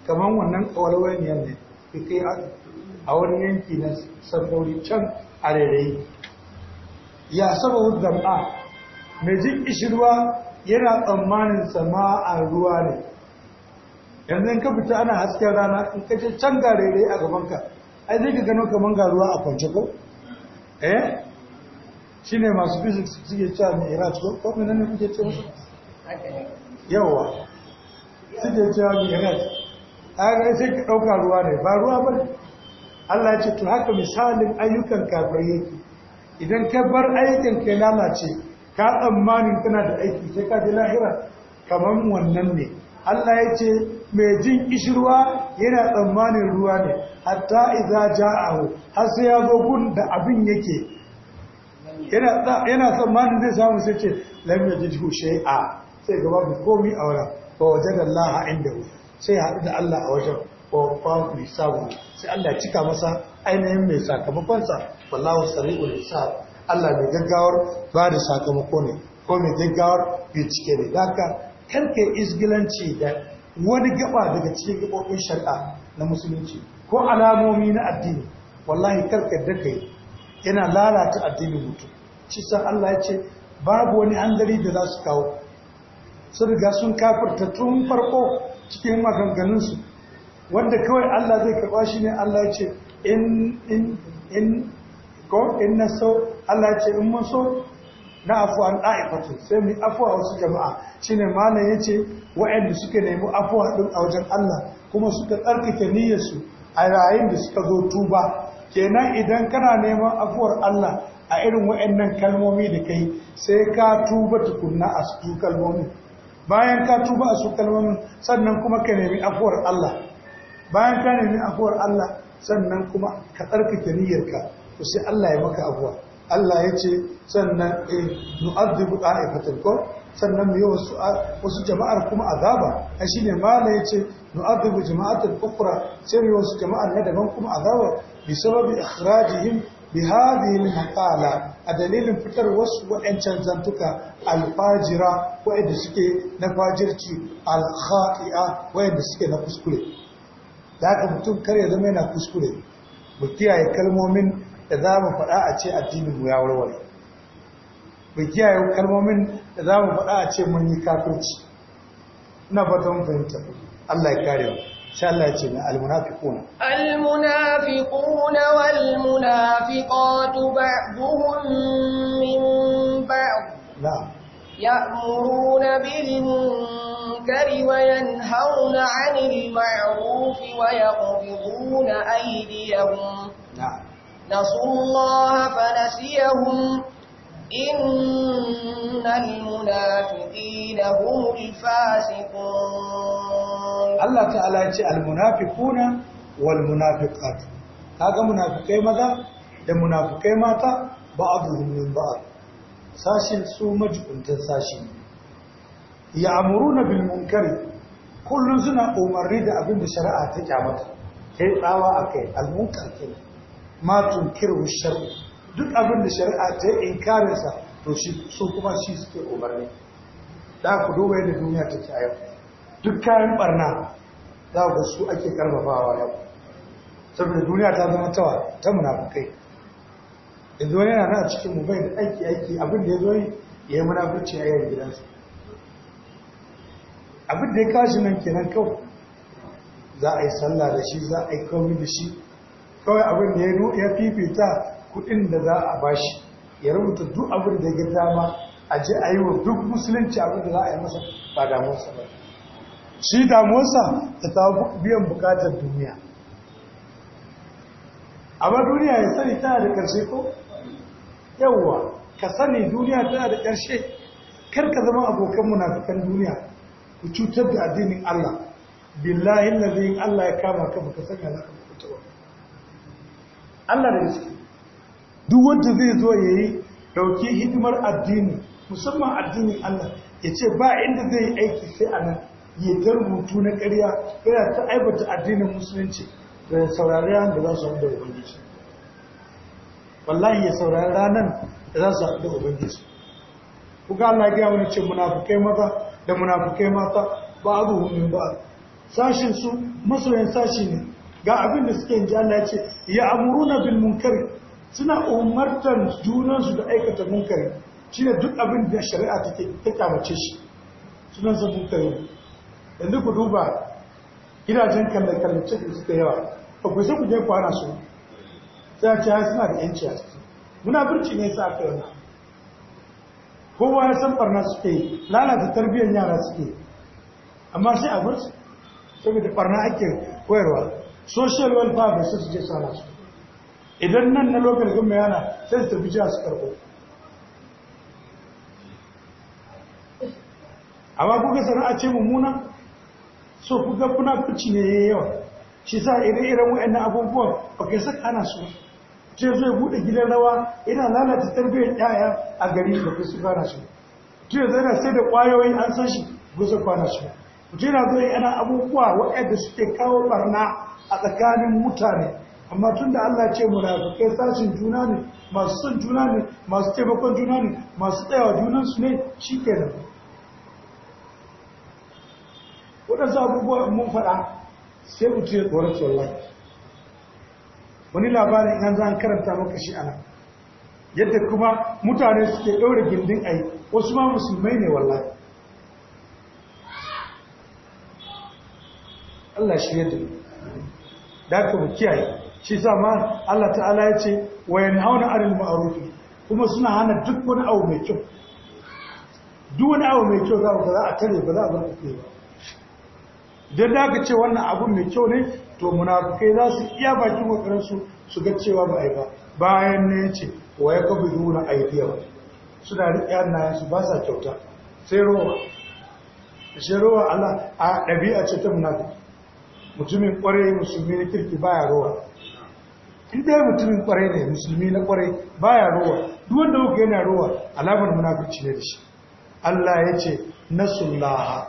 kaman wannan kawalwayen ne kai a wani yanki na sarfauri can a rairayi ya saba wuddam'a mai jin ishirwa yana tsammanin sama a ruwa ne yanzu ka fita ana hasken rana in ka ce can garere a gabanka ai zai ka gano kamar ga ruwa a kwance ko eh shi ne masu physics suke cewa ne ira ko ko ne ne kuke ce musu yawa suke cewa ne ira ai sai ka ɗauka ruwa ne ba ruwa ba ne Allah ya ce to haka misalin ayyukan kafirai yake idan ka bar aikin ka lalace ka tsammanin tana da aiki sai ka ji lahira kamar wannan ne Allah ya ce mai jin kishirwa yana tsammanin ruwa ne hatta idza ja'ahu har sai ya zo gun da abin yake yana tsammanin zai samu sai ce lam yajidhu shay'a sai gaba bi komi aura fa wajada Allah indahu sai haɗu da Allah a wajen babban hisabu sai Allah cika masa ainihin mai sakamakonsa wallahu sariu hisab Allah mai gaggawar ba da sakamako ne ko mai gaggawar cike ne haka kanke isgilanci da wani gaba daga cikin gabobin shari'a na musulunci ko alamomi na addini wallahi karka daka yi yana lalata addinin mutum shi san Allah ya ce babu wani hanzari da za su kawo sun riga sun kafirta tun farko cikin maganganunsu wanda kawai Allah zai karɓa shi ne Allah ce in na so Allah ce in mun so na afuwa an ɗa'ifatu sai mu afuwa wasu jama'a shine malam yace wa'anda suka nemi afuwa ɗin a wajen Allah kuma suka tsarkake niyyarsu a yayin da suka zo tuba kenan idan kana neman afuwar Allah a irin wa'annan kalmomi da kai sai ka tuba tukunna a su kalmomin bayan ka tuba a su kalmomin sannan kuma ka nemi afuwar Allah bayan ka nemi afuwar Allah sannan kuma ka tsarkake niyyarka to sai Allah ya maka afuwa Allah ya ce sannan eh nu'adhibu qa'ifatan ko sannan mu yi wasu jama'ar kuma azaba a shine mala ya ce nu'adhibu jama'atan ukhra sai mu wasu jama'ar na daban kuma azaba bi sababi ikhrajihim bi hadhihi al-maqala a dalilin fitar wasu waɗancan zantuka alfajira wayanda suke na fajirci alkha'i'a waɗanda suke na kuskure da haka mutum kar ya zama yana kuskure mu kiyaye kalmomin da za mu faɗa a ce addinin mu ya warware mu kiyaye kalmomin da za mu faɗa a ce mun yi kafirci ina fatan fahimta Allah ya kare mu شلت المنافقون المنافقون والمنافقات بعضهم من بعض نعم يأمرون بالمنكر المنكر وينهون عن المعروف ويقبضون أيديهم نسوا الله فنسيهم إن المنافقين هم الفاسقون الله تعالى يقول المنافقون والمنافقات هذا منافقين ماذا؟ da munafikai mata ba'aduhum min ba'd sashin su majkuntan sashi ya na bilmun kari, kullum suna umarni da abin da shari'a ta kyamata sai tsawa akai kai munkar kenan matun tunkiru shari'a duk abin da shari'a ta inkarin sa to shi so kuma shi suke umarni da ku duba yadda duniya ta a yau duk kayan barna za ku su ake karfafawa yau saboda duniya ta zama tawa ta munafukai yanzu yana na cikin mu bai da aiki aiki abin da ya zo yi ya yi munafurci a yayin gidansa abin da ya kashi nan kenan kawai za a yi sallah da shi za a yi kawai da shi kawai abin da ya fifita kudin da za a ba shi, ya rubuta duk abin da ya dama a je a yi wa duk musulunci abin da za a yi masa ba damuwarsa ba shi damuwarsa ta ta biyan bukatar duniya amma duniya ya sani tana da ƙarshe ko yawwa ka sani duniya tana da ƙarshe kar ka zama abokan munafikan duniya ku cutar da addinin Allah billahi lazai Allah ya kama ka baka za ka mutu ba Allah da yake duk wanda zai zo ya yi ɗauki hidimar addini musamman addinin Allah ya ce ba inda zai yi aiki sai a nan ya rubutu na ƙarya yana ta aibata addinin musulunci da ya saurari ran da za su haɗu da ubangiji wallahi ya saurari ranar da za su haɗu da ubangiji kuka Allah ya gaya wani ce munafukai maza da munafukai mata ba abu ba sashin su masoyan sashi ne ga abin da suke ji Allah ya ce ya amuruna bil munkari suna umartar junansu da aikata munkari shine duk abin da shari'a take ta kamace shi sunan sa munkar yanzu ku duba gidajen kalle kallace da suka yawa akwai ku sai ku je su sai a ce suna da yanci a ciki muna ne sa aka yana kowa ya san barna suke lalata tarbiyyar yara suke amma sai a bar saboda barna ake koyarwa social welfare da su je sana su idan nan na lokacin gama yana sai su tafi jiya su karɓo amma kuka a ce mummuna so kuka kuna fici ne yawa shi sa ire-iren wa'annan abubuwan ba kai saka ana su ce zai buɗe gidan rawa ina lalata tarbiyyar yaya a gari da kusa kwana shi ce na sai da kwayoyin an san shi kusa kwana shi ce na zo yana abubuwa waɗanda suke kawo barna a tsakanin mutane amma tun da Allah ce kai sashen juna ne masu son juna ne masu taimakon juna ne masu tsayawa junansu ne shi ke da waɗansu abubuwa mun faɗa sai mutum ya tsoron tsoron wani labarin yan za a karanta maka shi ana yadda kuma mutane suke ɗaure gindin ai wasu ma musulmai ne wallahi Allah shi yadda da ka mu kiyaye shi za ma Allah ta'ala ya ce wa yanhauna 'anil ma'ruf kuma suna hana duk wani abu mai kyau duk wani abu mai kyau za a tare ba za a bar ku ba don da ka ce wannan abun mai kyau ne to munafukai za su iya bakin kokarinsu su ga cewa ba ai ba bayan ne ce wa ya kabi nuna aidiya ba suna riƙe na su ba sa kyauta sai rowa shi rowa Allah a ɗabi'a ce ta munafiki mutumin ƙwarai musulmi na kirki baya rowa in dai mutumin ƙwarai ne musulmi na ƙwarai baya rowa duk wanda kuka yana rowa alamar munafici ne da shi Allah ya ce nasullaha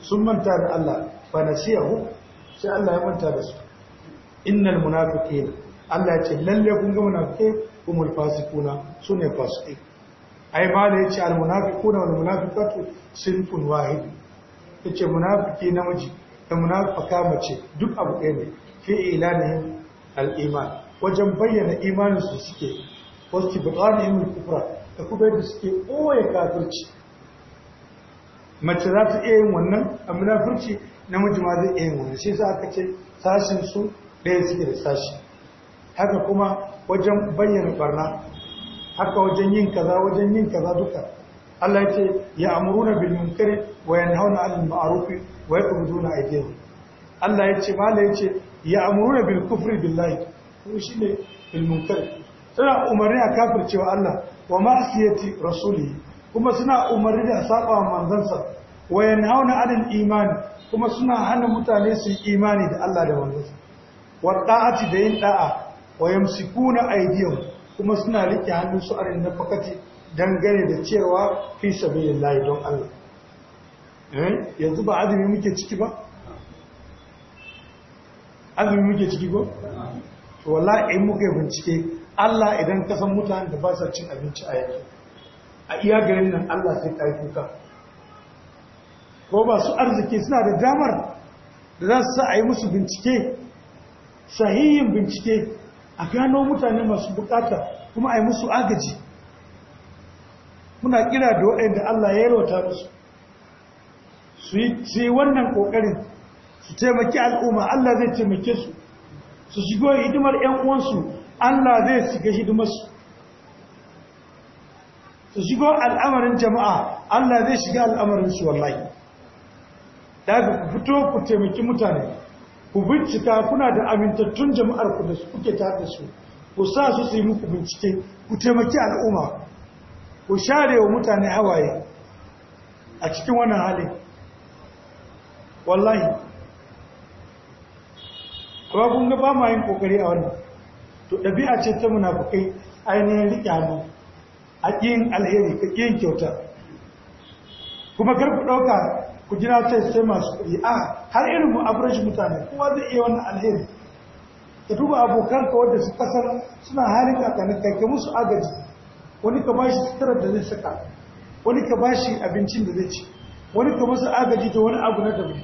sun manta da Allah fanasiyahu hu? sai Allah ya manta da su innal munafiqin Allah ya ce lalle kun ga munafiqai kumul fasiquna sune fasiqai ai ba da yace al munafiquna wal munafiqatu sinfun wahid yace munafiki namiji da munafika mace duk abu ɗaya ne fi ilanihim al iman wajen bayyana imanin su suke wasu buƙatun kufra da kuma yadda suke ɓoye kafirci mace za ta iya yin wannan a munafirci namiji ma zai iya wani shi za ka ce sashin su ɗaya suke da sashi haka kuma wajen bayyana barna haka wajen yin kaza wajen yin kaza duka Allah ya ce ya amuruna bin munkari wa hauna alin ma'arufi wa a aydihim Allah ya ce mala ya ce ya amuruna bil kufri layi ko ne bin munkari suna umarni a cewa Allah wa ma'siyati rasuli kuma suna umarni da saba manzansa wa hauna alin imani kuma suna hana mutane su imani da Allah da wanzansa wadda'ati da yin da'a wa yamsikuna aydiyahum kuma suna rike hannun su arin na fakati dangane da cewa fi sabilillahi don Allah eh, yanzu ba azumi muke ciki ba azumi muke ciki ba to wallahi in muke bincike Allah idan ka san mutanen da ba sa cin abinci a yake a iya garin nan Allah sai ka yi kuka ko masu arziki suna da damar da za su a yi musu bincike sahihin bincike a gano mutane masu bukata kuma a musu agaji muna kira da waɗanda Allah ya yarwata musu su yi wannan ƙoƙarin su taimaki al'umma Allah zai taimake su su shigo hidimar ‘yan uwansu Allah zai shiga hidimarsu su shigo al'amarin jama'a Allah zai shiga al'amarinsu wallahi Da ku fito ku taimaki mutane ku bincika kuna da amintattun jama'ar ku da su kuke tare da su ku sa su su yi muku bincike ku taimaki al'umma ku share wa mutane hawaye a cikin wannan hali wallahi kuma kun ga ba ma yin kokari a wannan to ɗabi'a ce ta munafukai ainihin riƙe hannu a ƙin alheri ka ƙin kyauta kuma kar ku ɗauka ku gina ta sai masu kuɗi a ah, har irin mu average mutane kowa zai iya wannan alheri ka duba abokan ka wanda su kasar suna halin kakanin kai musu agaji wani ka bashi sutura da zai saka wani ka bashi abincin da zai ci wani ka musu agaji da wani abu na dabi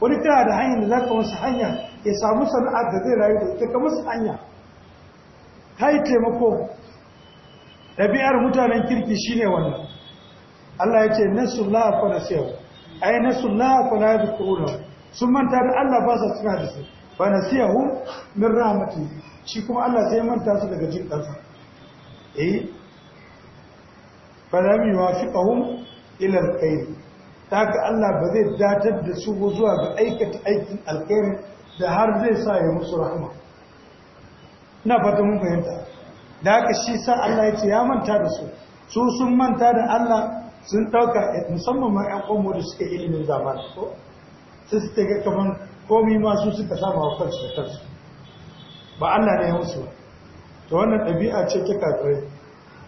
wani kana da hanyar da za ka masa hanya ya samu sana'ar da zai rayu da ita ka masa hanya ka yi taimako ɗabi'ar mutanen kirki shine wannan Allah ya ce nasu lafa na sayawa ay nasullah fala yadhkuruna sun manta da Allah ba sa tuna da su fa nasiyahu min rahmati shi kuma Allah sai manta su daga jin kansa eh fa lam yuwafiqahum ila alkhair taka Allah ba zai datar da su zuwa ga aikata aikin alkhairi da har zai sa ya musu rahama ina fata mun fahimta da haka shi sa Allah ya ce ya manta da su su sun manta da Allah sun ɗauka eh, musamman ma 'yan ƙwamo da suke ilimin zamani ko sai su ta ga kamar komi masu suka sama wa kansu da kansu ba Allah ne ya musu ba to wannan ɗabi'a ce ta kafirai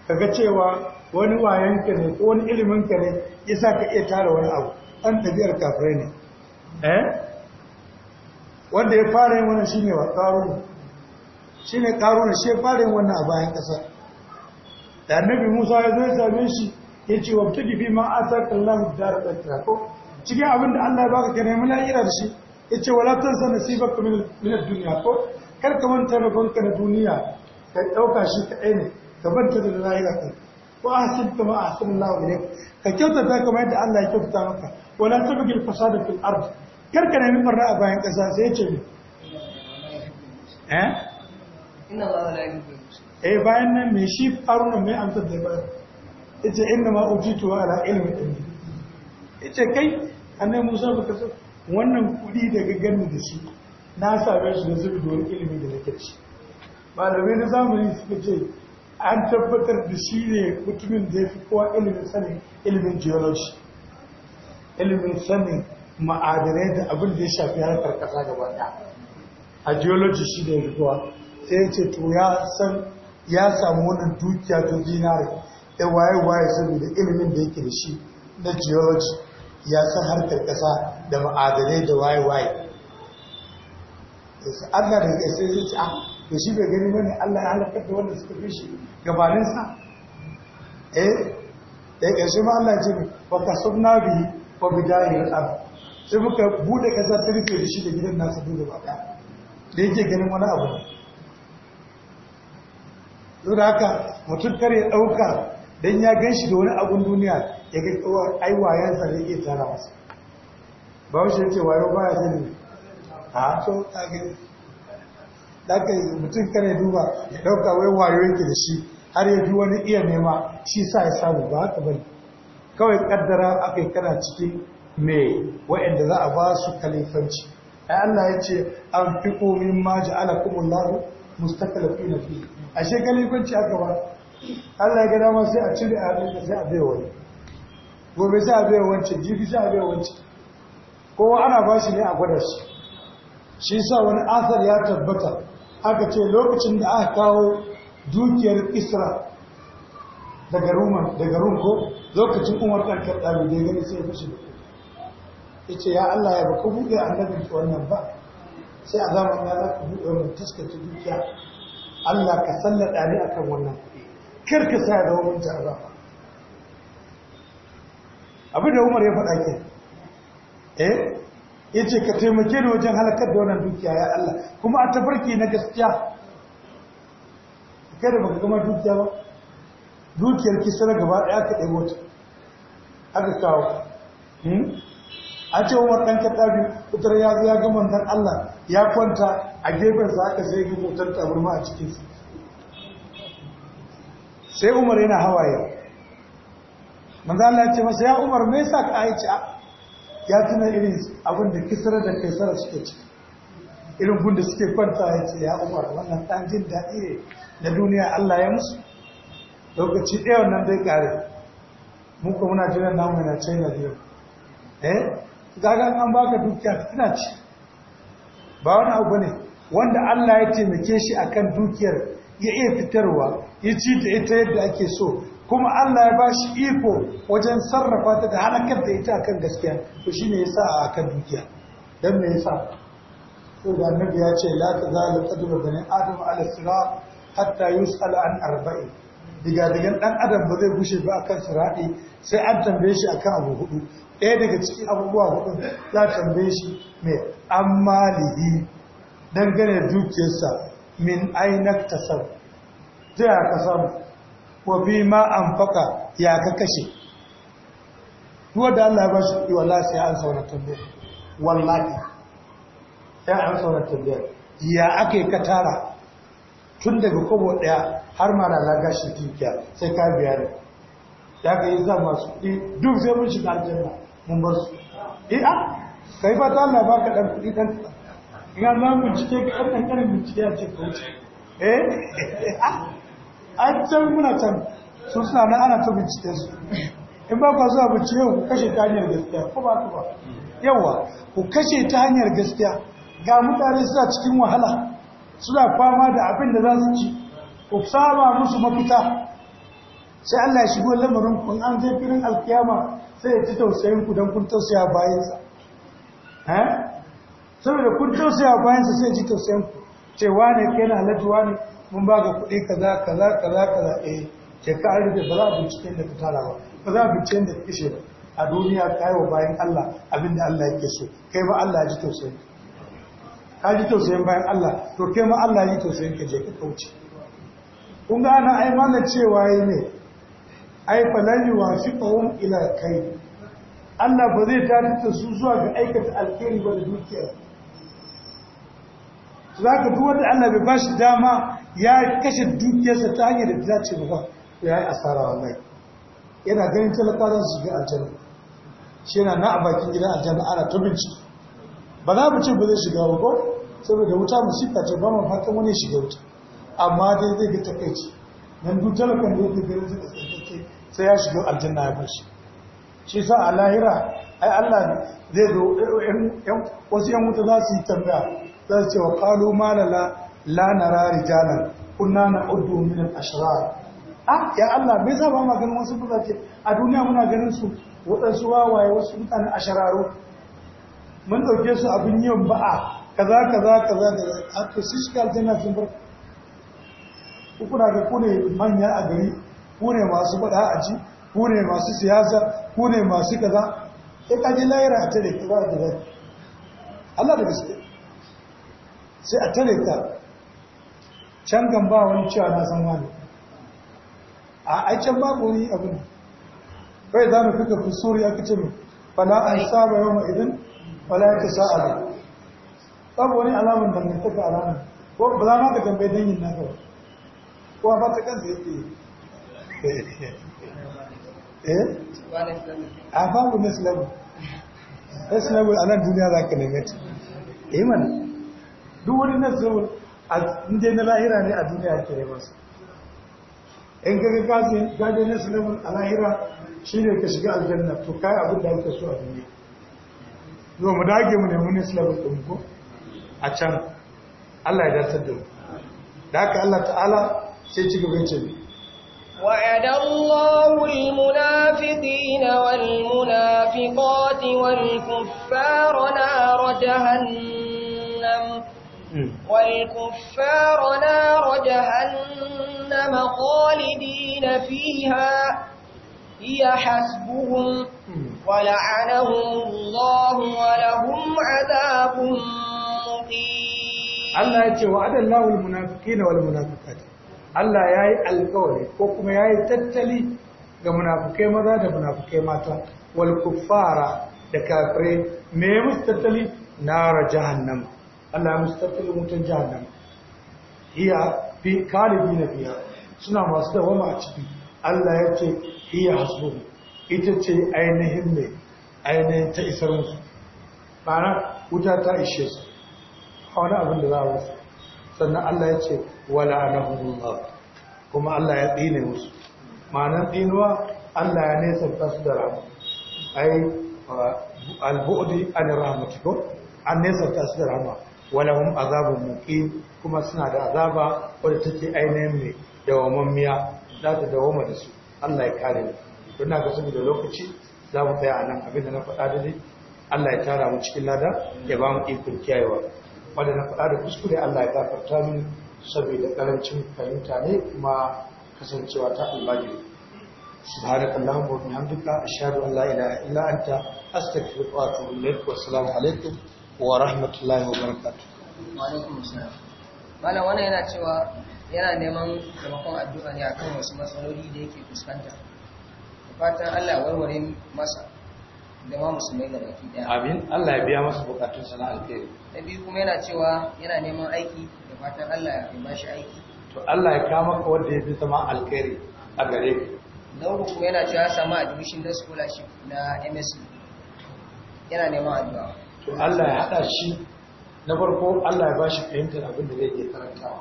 kaga cewa wani wayanka ne ko wani ka ne ya sa ka iya tara wani abu ɗan ɗabi'ar kafirai ne eh wanda ya fara yin wannan shine wa ƙaruna shine ƙaruna shi ya fara yin wannan a bayan ƙasa da annabi Musa ya zo ya same shi ya ce wa tuki fi ma ataka da dar tsaka ko cikin abin da Allah ba ka kere lahira da shi ya ce wala tansa nasibaka min minar duniya ko kar ka manta rabonka na duniya ka ɗauka shi ka ne ka banta da lahira ka ko a ahsin kama ahsan Allah ilayk ka kyauta ta kama yadda Allah ya kyauta maka wala tabgil fasada fil ard kar nemi barna a bayan ƙasa sai ya ce eh ina eh bayan nan mai shi faruna mai amsa da bayar ita inda ma ujitu ala ilmi indi ita kai annabi Musa ba san wannan kudi daga ganin da shi na same shi da zubi wani ilimi da nake shi malamai na zamani suka ce an tabbatar da shi ne mutumin da ya fi kowa ilimin sanin ilimin geology ilimin sanin ma'adanai da abin da ya shafi harkar kasa gaba ɗaya a geology shi ne kowa sai ya ce to ya san samu wannan dukiya ta zinare ya waye waye saboda ilimin da yake da shi na geology ya san harkar ƙasa da ma'adanai da waye waye Allah da kai sai zai ce a ah, da shi bai gani wani Allah ya halaka da wanda suka fi shi gabaninsa eh da ƙarshe ma Allah ya ce wa kasabna bi wa bidayil al sai muka bude ƙasa ta rufe da shi da gidan nasa duk gaba ɗaya da yake ganin wani abu ne don haka mutum kare ɗauka don ya gan shi da wani abun duniya ya ga ai wayansa da yake tara masu ba wasu yake wayo ba ya sani a so ta gani daga mutum kare duba ya dauka wai wayo yake da shi har ya ji wani iya nema shi sa ya samu ba haka bane kawai kaddara yi kana cikin me wa'anda za a ba su kalifanci ai Allah ya ce an fi komin ma ja'alakumullahu na fi ashe kalifanci aka ba Allah ya gada masu sai a cire abin da sai a bai wani gobe sai a bai wancan jibi sai a bai wancan kowa ana ba shi ne a gwada shi shi sa wani asar ya tabbata aka ce lokacin da aka kawo dukiyar isra daga ruman daga runko lokacin umar karkar ɗabi da ya gani sai ya fashe da ya ce ya Allah ya baka buɗe annabin wannan ba sai a zamanin ya za ka buɗe wannan taskace dukiya Allah ka sallada ne akan wannan karka sa da wanta azaba abin da umar ya faɗa ke eh ya ce ka taimake ni wajen halakar da wannan dukiya ya Allah kuma a tafarki na gaskiya kai da baka gama dukiya ba dukiyar kisar gaba ɗaya ka ɗaya mota aka kawo hmm? a ce umar ɗan kaɗabi kutar ya zai ya ga Allah ya kwanta a gefen sa aka sai ga motar tabarma a cikinsa sai umar yana hawaye manzo Allah ya ce masa ya umar mai sa ka aici ya tuna irin abin da kisar da kaisara suke ci irin gun da suke kwanta ya ce ya umar wannan dan jin daɗi ne na duniya Allah ya musu lokaci ɗaya wannan dai ƙare muka muna muna jiran namu na China biyu eh kaga an baka dukiya tana ci ba wani abu ne wanda Allah ya taimake shi akan dukiyar ya iya fitarwa ya ci da ita yadda ake so kuma Allah ya ba shi iko wajen sarrafa ta da halakar da ita akan gaskiya to ya sa a kan dukiya Don me yasa so da annabi ya ce la tazalu qadru bani adam ala sira hatta yus'ala an arba'i diga digan dan adam ba zai gushe ba akan sira'i sai an tambaye shi akan abu hudu ɗaya daga ciki abubuwa hudu za tambaye shi me ammalihi dangane dukiyarsa min ainak tasab zai ka samu wa fi ma an faka ya ka kashe ruwa da Allah ba shi wala sai an sauna tambayar wallahi ya an sauna tambayar ya ake ka tara tun daga kobo daya har ma laga shi dukiya sai ka biya ne ya ka yi zama su duk zai mun shiga aljanna mun bar su eh a ah, kai ba ta Allah ba ka ɗan. kudi dan ga na mu cike ka ɗan ƙarin bincike a ce kauce eh an can muna can su suna nan ana ta bincike su in ba ka zuwa bincike ku kashe ta hanyar gaskiya ko ba ku ba yawa ku kashe ta hanyar gaskiya ga mutane suna cikin wahala suna fama da abin da za su ci ku saba musu mafita sai Allah ya shigo lamarin kun an zai firin alkiyama sai ya ci tausayin ku don kun tausaya bayansa eh saboda kun tausaya bayansa sai ji tausayin ku ce wane ke na halatta wane mun ba ga kuɗi kaza kaza kaza kaza eh ke ka an rufe ba za a bincike da ka tara ba ba za a bincike da ka ba a duniya ka yi wa bayan Allah abin da Allah yake so kai ma Allah ji tausayin ka ji tausayin bayan Allah to kai ma Allah ji tausayin ka je ka kauce kun ga ana ai mana cewa yi ne ai falali wa fi qawm ila kai Allah ba zai tarihta su zuwa ga aikata alkhairi ba da dukiyar za ka duk wanda Allah bai bashi dama ya kashe dukiyarsa ta hanyar da ta ce ba ya yi asara wallahi yana ganin talaka su shiga aljanna shi yana na a bakin gidan aljanna ana ta bincike ba za mu ce ba zai shiga ba ko saboda wuta musifa ce ba mu fatan wani shiga wuta amma dai zai ga takaici nan duk talakan da yake ganin zai tsakake sai ya shiga aljanna ya bashi shi sa a lahira ai Allah zai zo eh, eh, eh, wasu yan wuta za su yi tambaya za su ce wa kalu malala lanara rijalar kuna na ƙudu minin ashirar a ah ya Allah bai zaba ma ganin wasu ce a duniya muna ganin su waɗansu wawaye wasu mutane ashirar. mun ɗauke su abin yin ba'a kaza kaza kaza da a to shi shiga aljanna sun bar kuna ga ku ne manya a gari ku ne masu faɗa a ji ku ne masu siyasa ku ne masu kaza ya kaji layira a tare kaza da zai Allah da gaske sai a tare ta can kan ba wani cewa na san wani a aikin babu wani abu ne kai za mu fika kusur ya kace mu fala an saba yau idan fala ya kasa ala babu wani alamun dangantaka alamun ko ba za ma ka tambayi dangin naka ba ko ba ta kansa yake eh a babu na islamu islamu a nan duniya za ka neme eh mana duk wani nasarar inda na lahira ne a duniya ke yi masu in gaga gaji gaje na sulaiman a lahira shi ne ka shiga aljanna to kai abin da aka so a duniya zo mu dage mu nemi sulaiman ɗin ko a can allah ya dace da mu da haka allah ta'ala sai ci gaba ce وعد الله المنافقين والمنافقات والكفار نار جهنم والكفار نار جهنم خالدين فيها هي حسبهم ولعنهم الله ولهم عذاب مقيم الله يجي وعد الله المنافقين والمنافقات Allah ya yi alkawari ko kuma ya yi tattali ga munafukai maza da munafukai mata wal kuffara da kafirai me musu tattali nara jahannama Allah ya musu tattalin wutar jahannama hiya fi kalibi na biya suna masu da wama a ciki Allah ya ce hiya hasbu ita ce ainihin ne ainihin ta isar musu bara wuta ta ishe su a wani abin da za a wasu sannan Allah ya ce wala anahumullah kuma Allah ya tsine musu ma'anar tsinuwa Allah ya ta su da rahama ai albu'udi an an rahmatiko an ta su da rahama walahum azabun muki kuma suna da azaba wadda take ainihin mai miya za ta dawama da su Allah ya kare mu don haka da lokaci za mu tsaya a nan abinda na faɗa da zai Allah ya tara mu cikin lada ya ba mu ikon kiyayewa wadda na faɗa da kuskure Allah ya gafarta mu saboda karancin fahimta ne kuma kasancewa ta albaji سبحانك اللهم وبحمدك أشهد أن لا إله إلا أنت أستغفرك والسلام عليكم wa rahmatullahi wa barakatuh wa alaikum assalam malam wannan yana cewa yana neman taimakon addu'a ne akan wasu matsaloli da yake fuskanta fatan Allah warware masa da ma musulmai da baki daya amin Allah ya biya masa bukatun sana alkhairi da biyu kuma yana cewa yana neman aiki da fatan Allah ya ba shi aiki to Allah ya kama ka wanda ya fi zama alkhairi a gare ka na uku kuma yana cewa ya samu admission na scholarship na MSc yana neman addu'a to Allah ya haɗa shi na farko Allah ya ba shi fahimtar abin da zai ke karantawa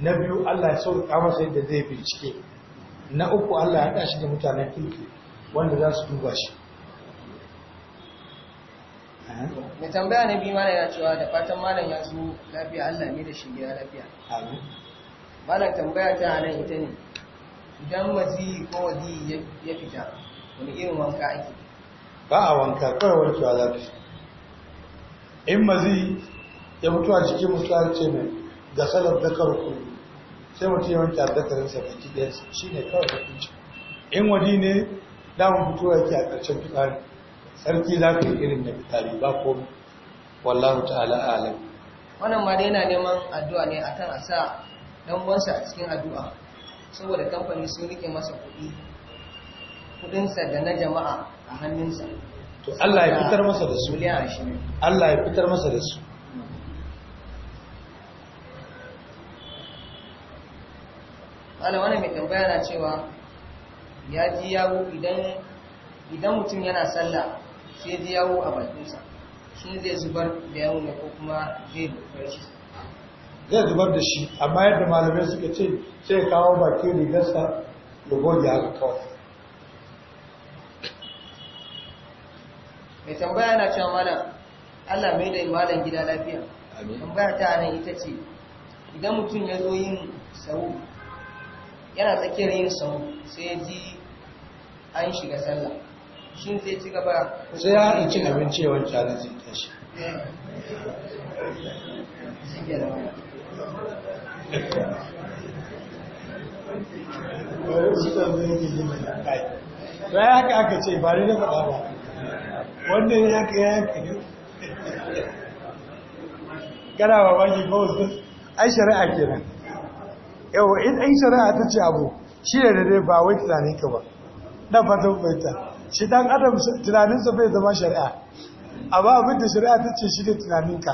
na biyu Allah ya sauƙa masa yadda zai bincike na uku Allah ya haɗa shi da mutanen kirki wanda za su duba shi mai tambaya na biyu mana ya cewa da fatan malam ya zo lafiya Allah ne da shi gida lafiya mana tambaya ta hannun ita ne idan mazi ko wazi ya fita wani irin wanka ake ba a wanka kawai wani wankewa lafiya in mazi ya mutu a cikin musulun ce mai ga salar dakar ku sai mutum ya wanke sa da ki ɗaya shi ne kawai da kunci in wadi ne damar a yake a ƙarshen fitar sarki za ka yi irin da fitari ba ko wallahu ta'ala alam wannan ma dai yana neman addu'a ne akan a sa dan uwansa a cikin addu'a saboda kamfani sun rike masa kuɗi kuɗinsa da na jama'a a hannunsa to Allah ya fitar masa da su Allah ya fitar masa da su wala wani mai tambaya na cewa ya ji yawo idan mutum yana sallah sai ji yawo a bakinsa shi zai zubar da yawon ne ko kuma zai zubar shi zai zubar da shi amma yadda malamai suka ce sai kawo bakin rigarsa da goge haka kawai mai tambaya na cewa malam Allah mai da malam gida lafiya tambaya ta nan ita ce idan mutum ya zo yin sau yana tsakiyar yin sau sai ji an shiga sallah shin zai ci gaba sai ya haɗin cin abinci yawan tare zai tashi Bayan haka aka ce, ba ni na faɗa ba. wannan ya ka ya ka ne kana mamaki ko wasu ai shari'a kenan yau in ai shari'a ta ce abu shi ne da dai ba wai tunanin ka ba na fatan fahimta shi dan adam tunaninsa bai zama shari'a amma abin da shari'a ta ce shi ne tunaninka